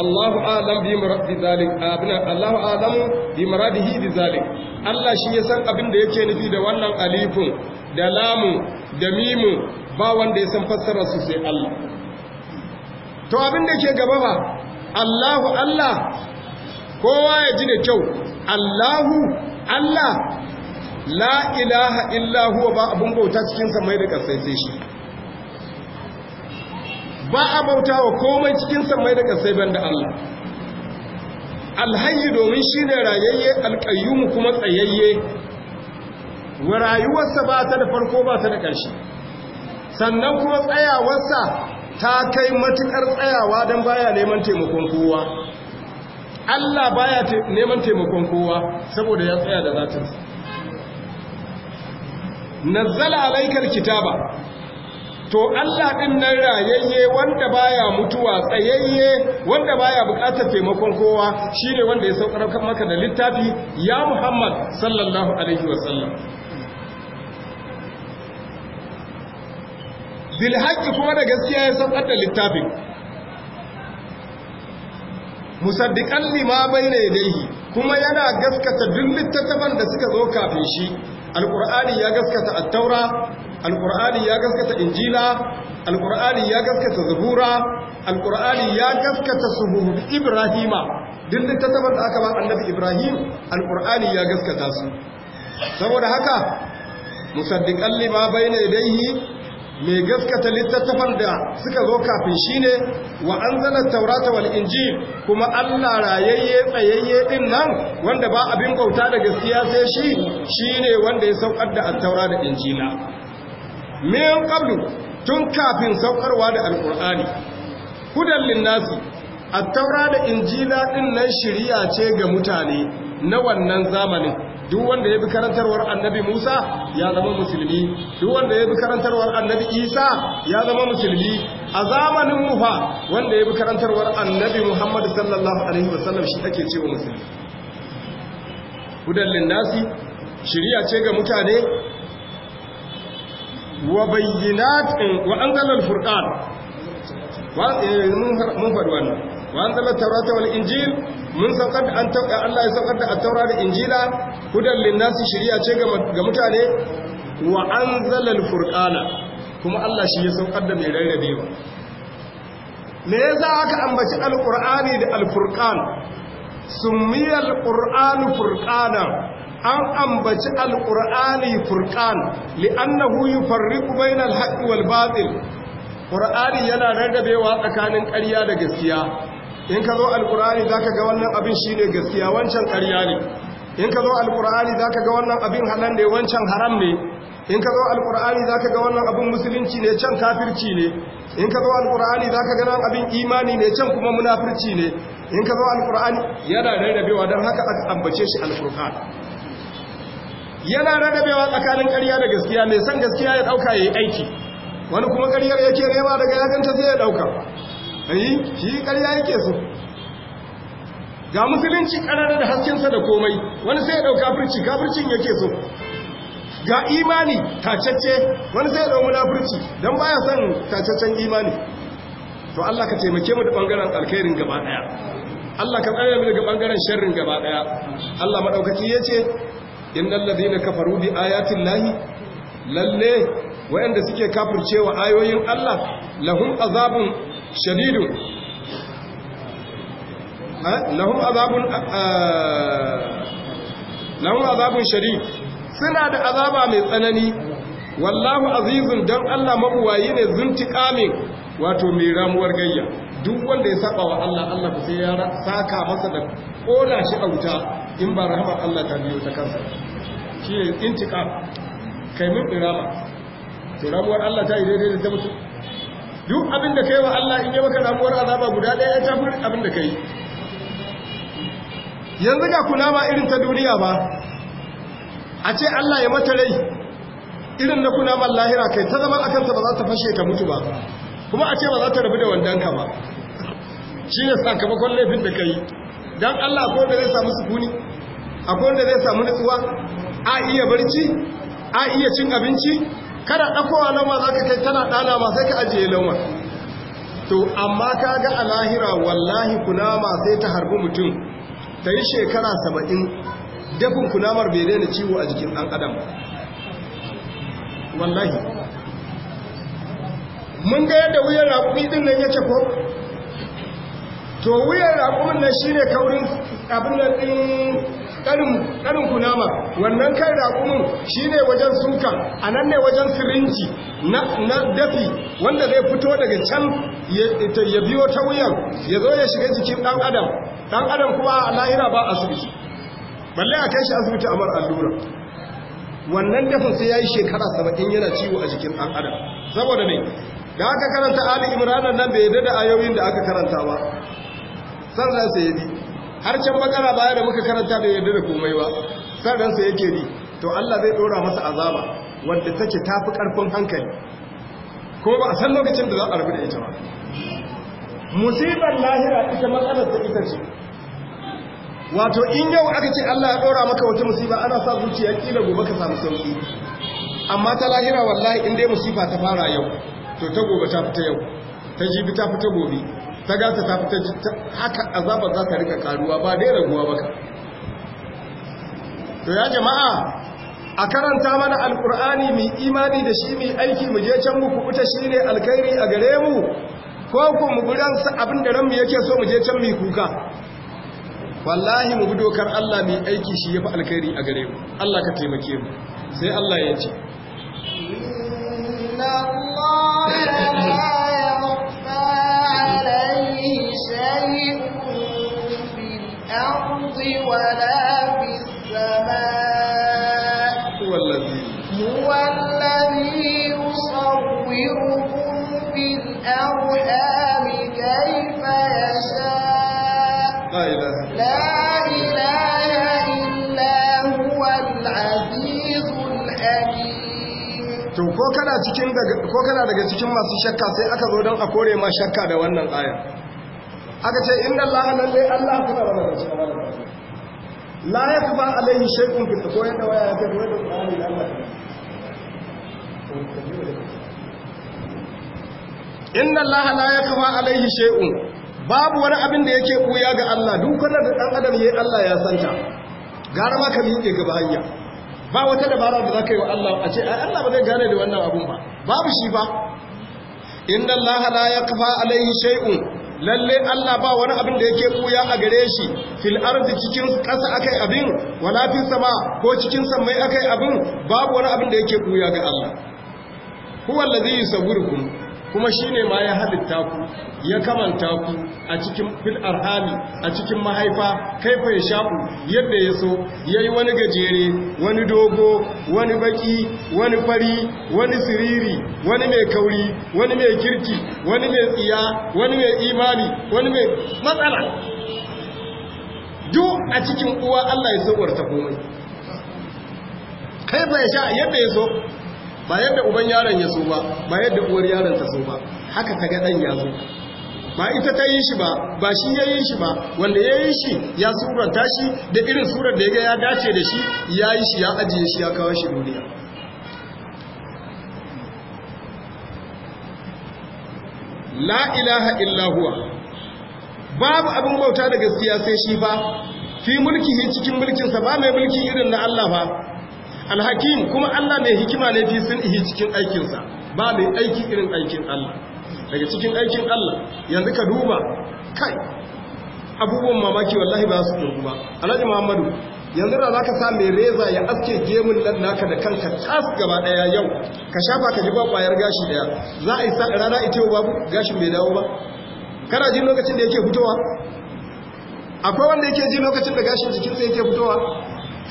Allahu a'lam bi muradi zalik abuna Allahu a'lam bi muradihi bi zalik Allah shi ya san abin da yake nufi da wannan alifun da lamu da mimu ba wanda ya san fassarar su sai Allah to abin da ke gaba ba Allahu Allah kowa ya ji da kyau Allahu Allah la ilaha illa huwa ba abun bauta cikin samai da kasai shi ba a bauta wa komai cikin sammai daga kasai banda Allah alhaji domin shi ne rayayye alƙayyumu kuma tsayayye wa rayuwarsa ba ta da farko ba ta da ƙarshe sannan kuma tsayawarsa ta kai matuƙar tsayawa don baya neman taimakon kowa Allah baya neman taimakon kowa saboda ya tsaya da zatinsa nazzala alaikar kitaba to Allah din nan rayayye wanda baya mutuwa tsayayye wanda baya buƙatar taimakon kowa shine wanda ya saukar maka da littafi ya Muhammad sallallahu alaihi wasallam bil haqqi kuma da gaskiya ya saukar da littafin musaddiqan lima bayna yadayhi kuma yana gaskata duk littattafan da suka zo kafin shi alkur'ani ya gaskata Attaura, Alƙur'ani ya gaskata injila alkur'ani ya gaskata zabura Alƙur'ani ya gaskata suhuf ibrahima duk littattafan da aka ba annabi ibrahim alkur'ani ya gaskata su saboda haka musaddiqan lima bayna yadayhi mai gaskata littattafan da suka zo kafin shi ne wa an zana taurata wal injil kuma allah rayayye tsayayye din nan wanda ba abin bauta da gaskiya sai shi shi ne wanda ya saukar da attaura da injila Miyan qablu tun kafin saukarwa da Alƙur'ani. Kudan linnasi attaura da injina din nan shiriya ce ga mutane na wannan zamanin duk wanda ya bi karantarwar annabi Musa ya zama musulmi duk wanda ya bi karantarwar annabi Isa ya zama musulmi a zamanin fa wanda ya bi karantarwar annabi Muhammad sallallahu alaihi wasallam shi ake cewa musulmi hudallin nasi shiriya ce ga mutane wa bayyinat wa anzalal furqan wa eh, mun faɗi wannan wa التوراة والإنجيل من mun saukar da Allah ya saukar da at-taura da injila hudan linnasi shari'a ce ga mutane wa anzala kuma Allah shi ya saukar da aka ambaci da an ambaci alƙurani qurani furqan li'annahu yufarriqu bainal haqqi wal batil qur'ani yana rarrabewa tsakanin ƙarya da gaskiya in ka zo alkur'ani za ka ga wannan abin shi ne gaskiya wancan ƙarya ne in ka zo alkur'ani za ka ga wannan abin halan ne wancan haram ne in ka zo alkur'ani za ka ga wannan abin musulunci ne can kafirci ne in ka zo alkur'ani za ka ga nan abin imani ne can kuma munafirci ne in ka zo alkur'ani yana rarrabewa don haka aka ambace shi alkur'an yana rarrabewa tsakanin ƙarya da gaskiya mai san gaskiya ya ɗauka ya yi aiki wani kuma ƙaryar yake nema daga ya ganta sai ya ɗauka Ayi, eh, shi ƙarya yake so ga musulunci ƙarar da haskensa da komai wani sai ya ɗau kafirci kafircin yake so ga imani tacacce wani sai ya ɗau munafurci don baya son tacecen imani to Allah ka taimake mu da ɓangaren alkhairin gaba ɗaya Allah ka tsaye mu daga ɓangaren sharrin gaba ɗaya Allah maɗaukaki ya ce innal ka kafaru bi ayatin lahi lalle waɗanda suke kafircewa ayoyin Allah lahum azabun shadidun lahum azabun ah, ah, lahum azabun shadid suna da azaba mai tsanani wallahu azizun dan Allah mabuwayi ne zuntiqamin wato mai ramuwar gayya duk wanda ya saba wa Allah Allah ba sai ya saka masa da kona shi a wuta in ba rahmar Allah ta biyo ta kansa shi ne intiqam kai mun irama to ramuwar Allah ta yi daidai da ta mutu duk abin da kai wa Allah in yi maka ramuwar azaba guda ɗaya ya tafi abin da kai yanzu ga kula ba irin ta duniya ba a ce Allah ya mata rai irin na kula ban lahira kai ta zama ta ba za ta fashe ta mutu ba kuma a ce ba za ta rabu da wandanka ba shi ne sakamakon laifin da kai don Allah akwai wanda zai samu sukuni akwai wanda zai samu nutsuwa a iya barci a iya cin abinci kada ɗakowa lauma za ka kai tana ma sai ka ajiye lawa to amma ka ga a lahira wallahi kunama sai ta harbi mutum ta yi shekara saba'in dafin kunamar bai daina ciwo a jikin ɗan adam wallahi mun ga yadda wuyan raƙumi ɗin nan yake ko to wuyan raƙumin nan shi ne kaurin abin nan ɗin karin kunama wannan kan raƙumin shi ne wajen suka a nan ne wajen sirinci na dafi wanda zai fito daga can ya biyo ta wuyan ya zo ya shiga jikin ɗan adam ɗan adam kuma a lahira ba asibiti balle a kai shi asibiti a mara allura wannan dafin sai ya yi shekara saba'in yana ciwo a jikin ɗan adam saboda ne da aka karanta ali imranan nan bai yadda da ayoyin da aka karanta ba sannan sai ya bi har can bakara baya da muka karanta da yadda da komai ba san yake ni to Allah zai dora masa azaba wanda take tafi karfin hankali ko ba a san lokacin da za a rabu ita ba musibar lahira ita matsalar ta ita ce wato in yau aka ce Allah ya dora maka wata musiba ana sa zuciya kila gobe ka samu sauki amma ta lahira wallahi in dai musifa ta fara yau to ta gobe ta fita yau ta jibi ta fita gobe ta gata ta fita haka azaba za ta rika karuwa ba dai raguwa baka to ya jama'a a karanta mana alkur'ani mai imani da shi mai aiki mu je can mu kubuta shi ne alkhairi a gare mu ko ku mu gudan sa abin da ranmu yake so mu je can mu kuka wallahi mu bi dokar Allah mai aiki shi yafi alkhairi a gare mu Allah ka taimake mu sai Allah ya ce inna Allah الأرض ولا في السماء هو الذي هو الذي يصوركم في الأرحام كيف يشاء لا إله لا إله إلا هو العزيز الحكيم to ko kana cikin ko kana daga cikin masu shakka sai aka zo don a kore ma shakka da wannan aya aka ce inda la'anar lalle allah kuma ba da cikin wani la ya fi ba alayhi shaikun fil koyar da waya kai koyar da qur'ani da allah inna Allah la ya kafa alaihi shay'un babu wani abin da yake buya ga Allah dukkan da dan adam yayi Allah ya santa gara ma ka miƙe gaba hanya ba wata dabara da zaka yi wa Allah a ce ai Allah ba zai gane da wannan abun ba babu shi ba inna Allah la ya kafa alaihi shay'un lalle Allah ba wani abin da yake buya a gare shi fil ardi cikin ƙasa akai abin wala fi sama ko cikin sammai akai abin babu wani abin da yake buya ga Allah huwa allazi yusawwirukum kuma shine ma ya halitta ku ya kamanta ku a cikin fil arhami a cikin mahaifa kaifa ya shaku yadda ya so ya yi wani gajere wani dogo wani baki wani fari wani siriri wani mai kauri wani mai kirki wani mai tsiya wani mai imani wani mai matsala duk a cikin uwa Allah ya warta komai kaifa ya sha yadda ya so ba yadda uban yaron ya so ba ba yadda uwar yaron ta so ba haka kaga dan ya zo ba ita ta yi shi ba ba shi ya yi shi ba wanda ya yi shi ya suranta shi da irin surar da ya ga ya dace da shi ya yi shi ya ajiye shi ya kawo shi duniya la ilaha illahuwa babu abin bauta da gaskiya sai shi ba fi mulkihi cikin mulkinsa ba mai mulki irin na Allah ba alhakim kuma Allah mai hikima ne fi sun ihi cikin aikinsa ba mai aiki irin aikin Allah daga cikin aikin Allah yanzu ka duba kai abubuwan mamaki wallahi ba su dubu ba alhaji muhammadu yanzu da za ka sa mai reza ya aske gemun dan naka da kanka tas gaba daya yau ka shafa ka ji ba kwayar gashi daya za a yi sa rana ita babu gashin bai dawo ba kana ji lokacin da yake fitowa akwai wanda yake ji lokacin da gashin jikinsa yake fitowa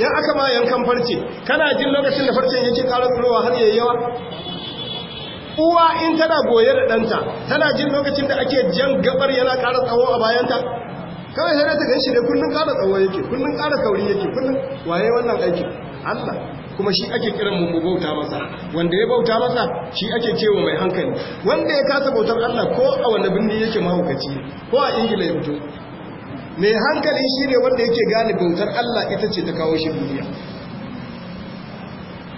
yan aka ma yankan farce kana jin lokacin da farcen yake ƙara tsirowa har yayi yawa uwa in tana goye da ɗanta tana jin lokacin da ake jan gabar yana ƙara tsawo a bayanta kawai sai ta gan shi ne kullum ƙara tsawo yake kullum ƙara kauri yake kullum waye wannan aiki Allah kuma shi ake kiran mu mu bauta masa wanda ya bauta masa shi ake cewa mai hankali wanda ya kasa bautar Allah ko a wanda bindi yake mahaukaci ko a ingila ya fito mai hankali shine wanda yake gane bautar Allah ita ce ta kawo shi duniya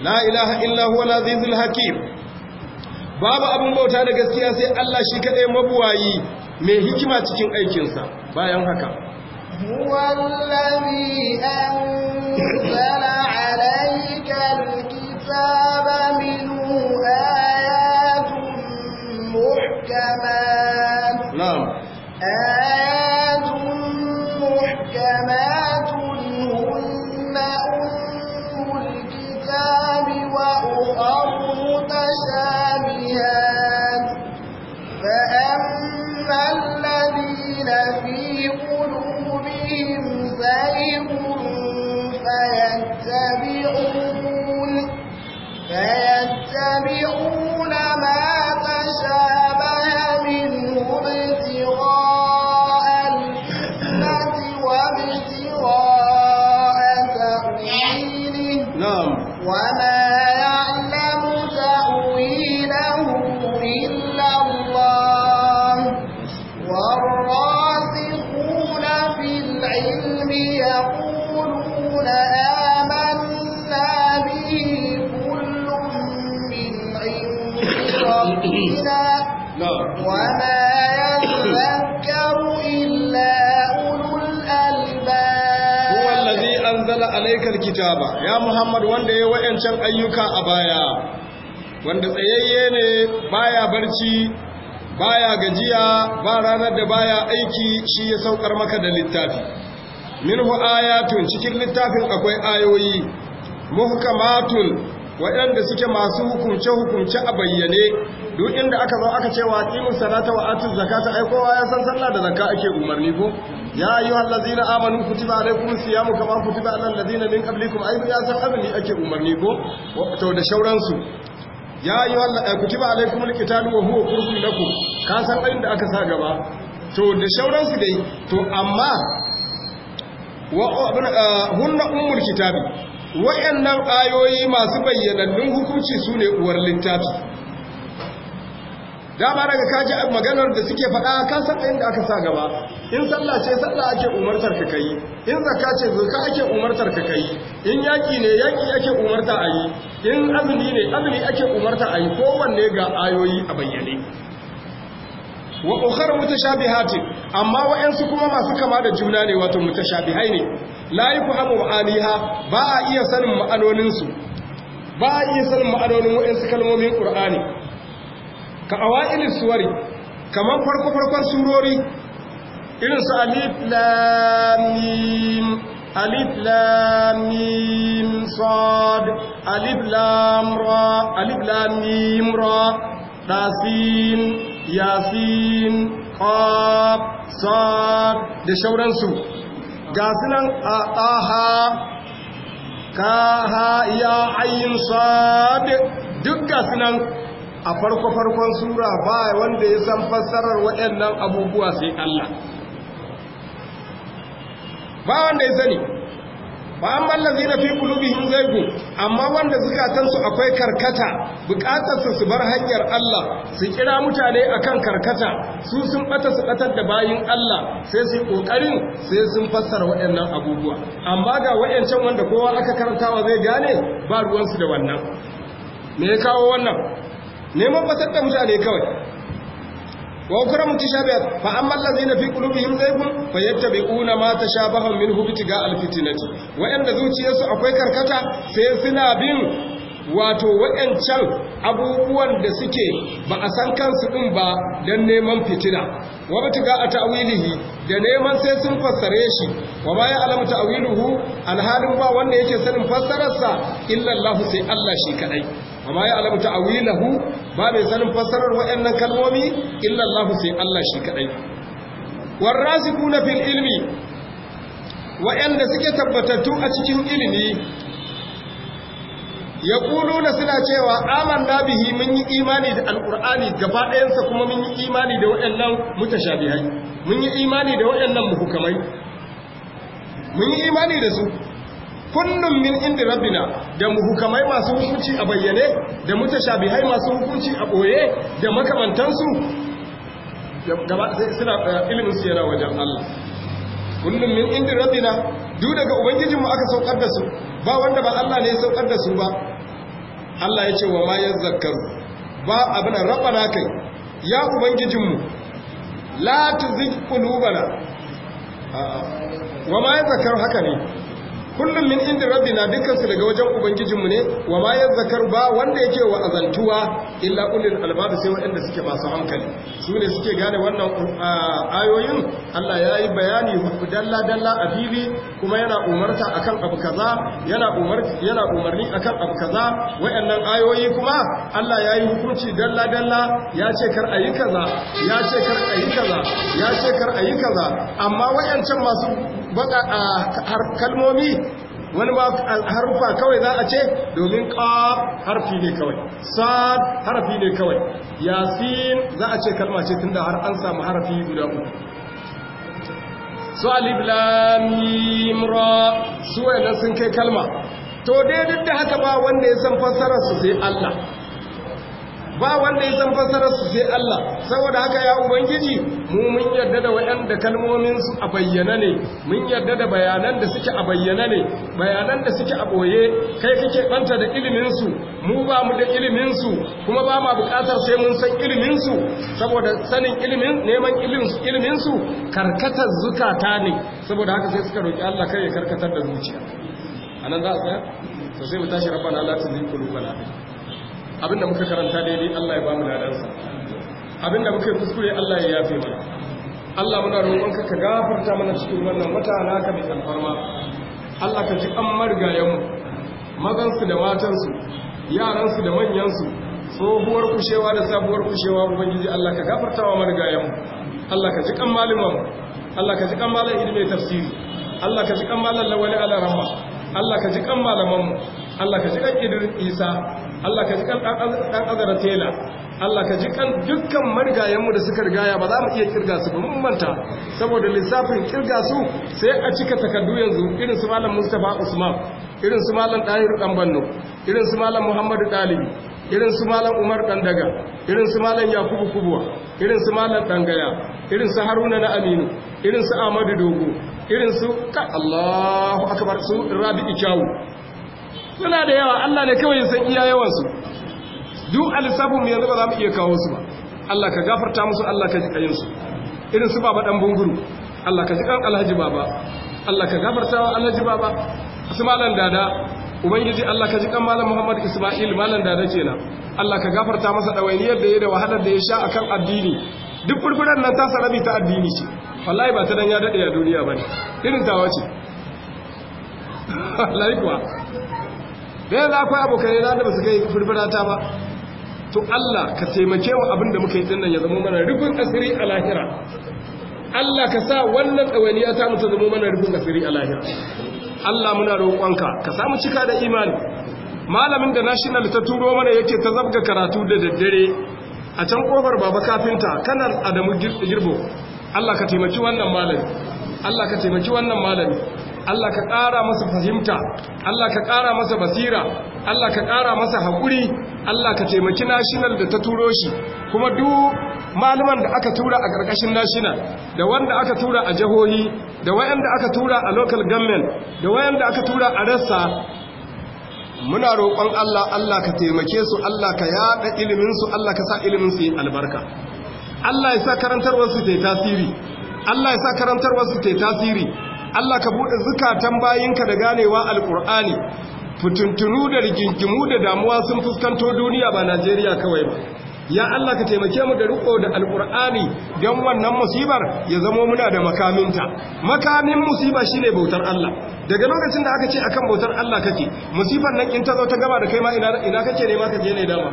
la ilaha illa huwa al-azizul hakim babu abin bauta da gaskiya sai Allah shi kaɗai mabuwayi mai hikima cikin aikinsa bayan haka wallahi anzala ayatun في قلوبهم زيغ فيتبعون فيتبعون مبصرين وما يذكر إلا أولو الألباب هو الذي أنزل عليك الكتاب يا محمد وان دي وإن أيك أبايا بايا برشي baya gajiya ba ranar da baya aiki shi ya saukar maka da littafi minhu ayatun cikin littafin akwai ayoyi muhkamatun waɗanda suke masu hukunce-hukunce a bayyane duk inda aka zo aka ce wa qimus salata wa atuz zakata ai kowa ya san sallah da zakka ake umarni ko ya ayu allazina amanu kutiba alaykum siyamu kama kutiba alal ladzina min qablikum ai ya san abin ake umarni ko to da su ya allazina eh, kutiba alaykum qitalu wa huwa kurhun lakum ka san inda aka sa gaba to da su dai to amma eh, hunna ummul kitabi wayannan ayoyi masu bayyanannun hukunci sune uwar littafi dama daga kaji maganar da suke faɗa ka san inda aka sa gaba in sallah ce sallah ake umartar ka kai in zakka ce zakka ake umartar ka kai in yaki ne yaki ake umarta a yi in azumi ne azumi ake umarta a yi kowanne ga ayoyi a bayyane wa ukhra mutashabihat amma wa'ansu kuma masu kama da juna ne wato mutashabihai ne la yafhamu aliha ba a iya sanin ma'anonin su ba a iya sanin ma'anonin wa'ansu kalmomin qur'ani ka awa'il suwari kamar farko farkon surori irin su alif lam mim alif lam mim sad alif lam ra alif lam mim ra tasin yasin qaf Sod, da shauransu ga sunan a aha ka ha ya ayin sod, duk ga sunan a farko-farkon sura ba wanda ya san fassarar waɗannan abubuwa sai Allah ba wanda ya sani ba an ballazi na fi zai zaigu amma wanda zukatansu akwai karkata bukatarsa su bar hanyar Allah su kira mutane akan karkata su sun bata su batar da bayin Allah sai su ƙoƙarin, sai sun fassara waɗannan abubuwa amma ga waɗancan wanda kowa aka karantawa zai gane ba ruwansu da wannan me ya kawo wannan neman fasar da mutane kawai wa ukra mutashabihat fa amma allazina fi qulubihim zaygun yattabi'una ma tashabaha minhu bitiga alfitnati wa inda zuciyarsu akwai karkata sai suna bin wato waɗancan abubuwan da suke ba a san kansu ɗin ba don neman fitina wa batuga a ta'wilihi da neman sai sun fassare shi wa ma alamu ta'wiluhu alhalin ba wanda yake sanin fassararsa illa Allah sai Allah shi kadai amma ya alamu ta'awilahu ba mai sanin fassarar waɗannan kalmomi illa Allah sai Allah shi kadai warasikuna fil ilmi wayanda suke tabbatattu a cikin ilimi yaquluna suna cewa amanna bihi mun yi imani da alqur'ani gaba ɗayansa kuma mun yi imani da waɗannan mutashabihai mun yi imani da waɗannan muhukamai mun yi imani da su kullum min inda rabbina da muhukamai masu hukunci a bayyane da mutashabihai masu hukunci a boye da makamantansu gaba suna eh, ilimin su yana wajen Allah kullum min inda rabbina duk daga ubangijinmu aka saukar da su ba wanda ba Allah ne ya saukar da su ba Allah ya ce wa ma yazzakaru ba abin rabana kai ya ubangijinmu la tuzigh qulubana wa ma yazzakaru haka ne kullum min inda rabbina dukkansu daga wajen ubangijinmu ne wa ma zakar ba wanda yake wa azantuwa illa ulil albab sai waɗanda suke masu hankali su ne suke gane wannan ayoyin Allah ya yi bayani dalla dalla a fili kuma yana umarta akan abu kaza yana umar yana umarni akan abu kaza waɗannan ayoyi kuma Allah ya yi hukunci dalla dalla ya ce kar ayi kaza ya ce kar ayi kaza ya ce kar ayi kaza amma wayancan masu kalmomi wani ba harufa kawai za a ce domin ƙaf harfi ne kawai sad harfi ne kawai yasin za a ce kalma ce tunda har an samu harfi guda uku su lamim ra sun kai kalma to dai duk da haka ba wanda ya san fassararsu sai Allah ba wanda ya san fasararsu sai Allah saboda haka ya ubangiji mu mun yarda da waɗanda kalmomin a bayyana ne mun yarda da bayanan da suke a bayyana ne bayanan da suke a boye kai kake banta da ilimin su mu ba mu da ilimin kuma ba ma buƙatar sai mun san ilimin saboda sanin ilimin neman ilimin karkatar zukata ne saboda haka sai suka roki Allah kai ya karkatar da zuciya anan za a tsaya sai mu tashi rabbana la tuzigh qulubana abinda muka karanta daidai Allah ya ba mu ladansa abinda muka yi kuskure Allah ya yafe mana Allah muna roƙon ka gafarta mana cikin wannan wata naka mai alfarma Allah ka ji an marigayen mu mazan su da matan su yaran su da manyan su tsohuwar kushewa da sabuwar kushewa ubangiji Allah ka gafarta wa marigayen mu Allah ka ji kan malaman Allah ka ji kan malam ilmi tafsiri Allah ka ji kan malam lawali ala rahma Allah ka ji kan malaman mu Allah ka ji kan idirin isa Allah ka ji kan dan azara tela Allah ka ji kan dukkan marigayenmu da suka rigaya ba za mu iya kirga su ba mun manta saboda lissafin kirga su sai a cika takardu yanzu irin su malam Mustapha Usman irin su malam Dahir Kambanno irin su malam Muhammadu Dalibi irin su malam Umar daga irin su malam Yakubu Kubuwa irin su malam Dangaya irin su Haruna na Aminu irin su Ahmadu Dogo irin su ka Allahu akbar su Rabi'u chawu suna da yawa Allah ne kawai san iya yawansu duk alisabun yanzu ba za mu iya kawo su ba Allah ka gafarta musu Allah ka ji kayinsu irin su baba dan bunguru Allah ka ji kan alhaji baba Allah ka gafarta wa alhaji baba su malam dada ubangiji Allah ka ji kan malam Muhammad Isma'il malam dada kenan Allah ka gafarta masa dawainiyar da ya da wahalar da ya sha akan addini duk furfuran nan ta sarabi ta addini ce wallahi ba ta dan ya dade a duniya bane irin tawa ce wallahi kuwa da yanzu akwai abokanai na da ba su kai furfura ta ba to Allah ka taimake wa abin da muka yi dinnan ya zama mana rufin asiri a lahira Allah ka sa wannan ya ta mutu zama mana rufin asiri a lahira Allah muna roƙonka ka samu cika da imani malamin da national ta turo mana yake ta zabga karatu da daddare a can kofar baba kafinta kanan adamu girbo Allah ka taimaki wannan malami Allah ka taimaki wannan malami Allah ka ƙara masa fahimta Allah ka ƙara masa basira Allah ka ƙara masa haƙuri Allah ka taimaki national da ta turo shi kuma duk malaman da aka tura a ƙarƙashin national da wanda aka tura a jihohi da wayanda aka tura a local government da wayanda aka tura a rassa muna roƙon Allah Allah ka taimake su Allah ka yaɗa iliminsu Allah ka sa iliminsu yin albarka Allah ya sa karantarwarsu ta tasiri Allah ya sa karantarwarsu ta tasiri Allah ka buɗe zukatan bayinka da ganewa alƙur'ani fituntunu da rigingimu da damuwa sun fuskanto duniya ba Najeriya kawai ba ya Allah ka taimake mu da riko da alkur'ani don wannan musibar ya zamo muna da makaminta makamin musiba shine bautar Allah daga lokacin da aka ce akan bautar Allah kake musibar nan in ta zo ta gaba da kai ma ina kake ne ma ka ne dama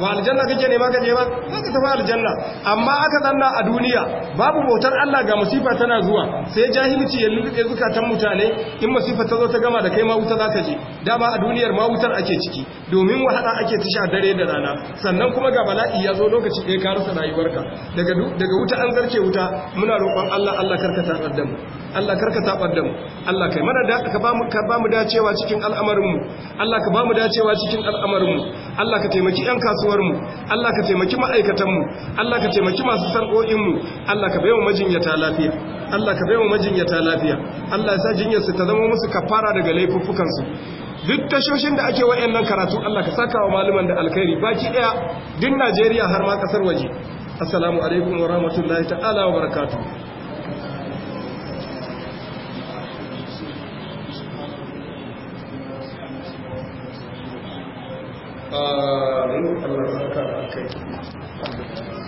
ba aljanna kake nema ka je ba za ka tafi aljanna amma aka danna a duniya babu bautar Allah ga masifa tana zuwa sai jahilci ya lulluke zukatan mutane in musifa ta zo ta gama da kai ma wuta za ka je dama a duniyar ma wutar ake ciki domin wahala ake ci sha dare da rana sannan kuma ga bala'i ya zo lokaci ɗaya ka rasa rayuwarka daga daga wuta an zarce wuta muna roƙon Allah Allah ta tsaddam Allah ta tsaddam Allah kai mana da ka ba mu ka ba mu dacewa cikin al'amarin mu Allah ka ba mu dacewa cikin al'amarin mu Allah ka taimaki ƴan kasuwa kasuwarmu Allah ka taimaki ma'aikatanmu Allah ka taimaki masu sana'o'inmu Allah ka baiwa majinyata lafiya Allah ka baiwa majinyata lafiya Allah ya sa jinyarsu ta zama musu kafara daga laifuffukansu duk tashoshin da ake wayannan karatu Allah ka saka wa malaman da alkhairi baki ɗaya din Najeriya har ma ƙasar waje assalamu alaikum wa rahmatullahi ta'ala wa barakatuh Uh, a rin Allah saka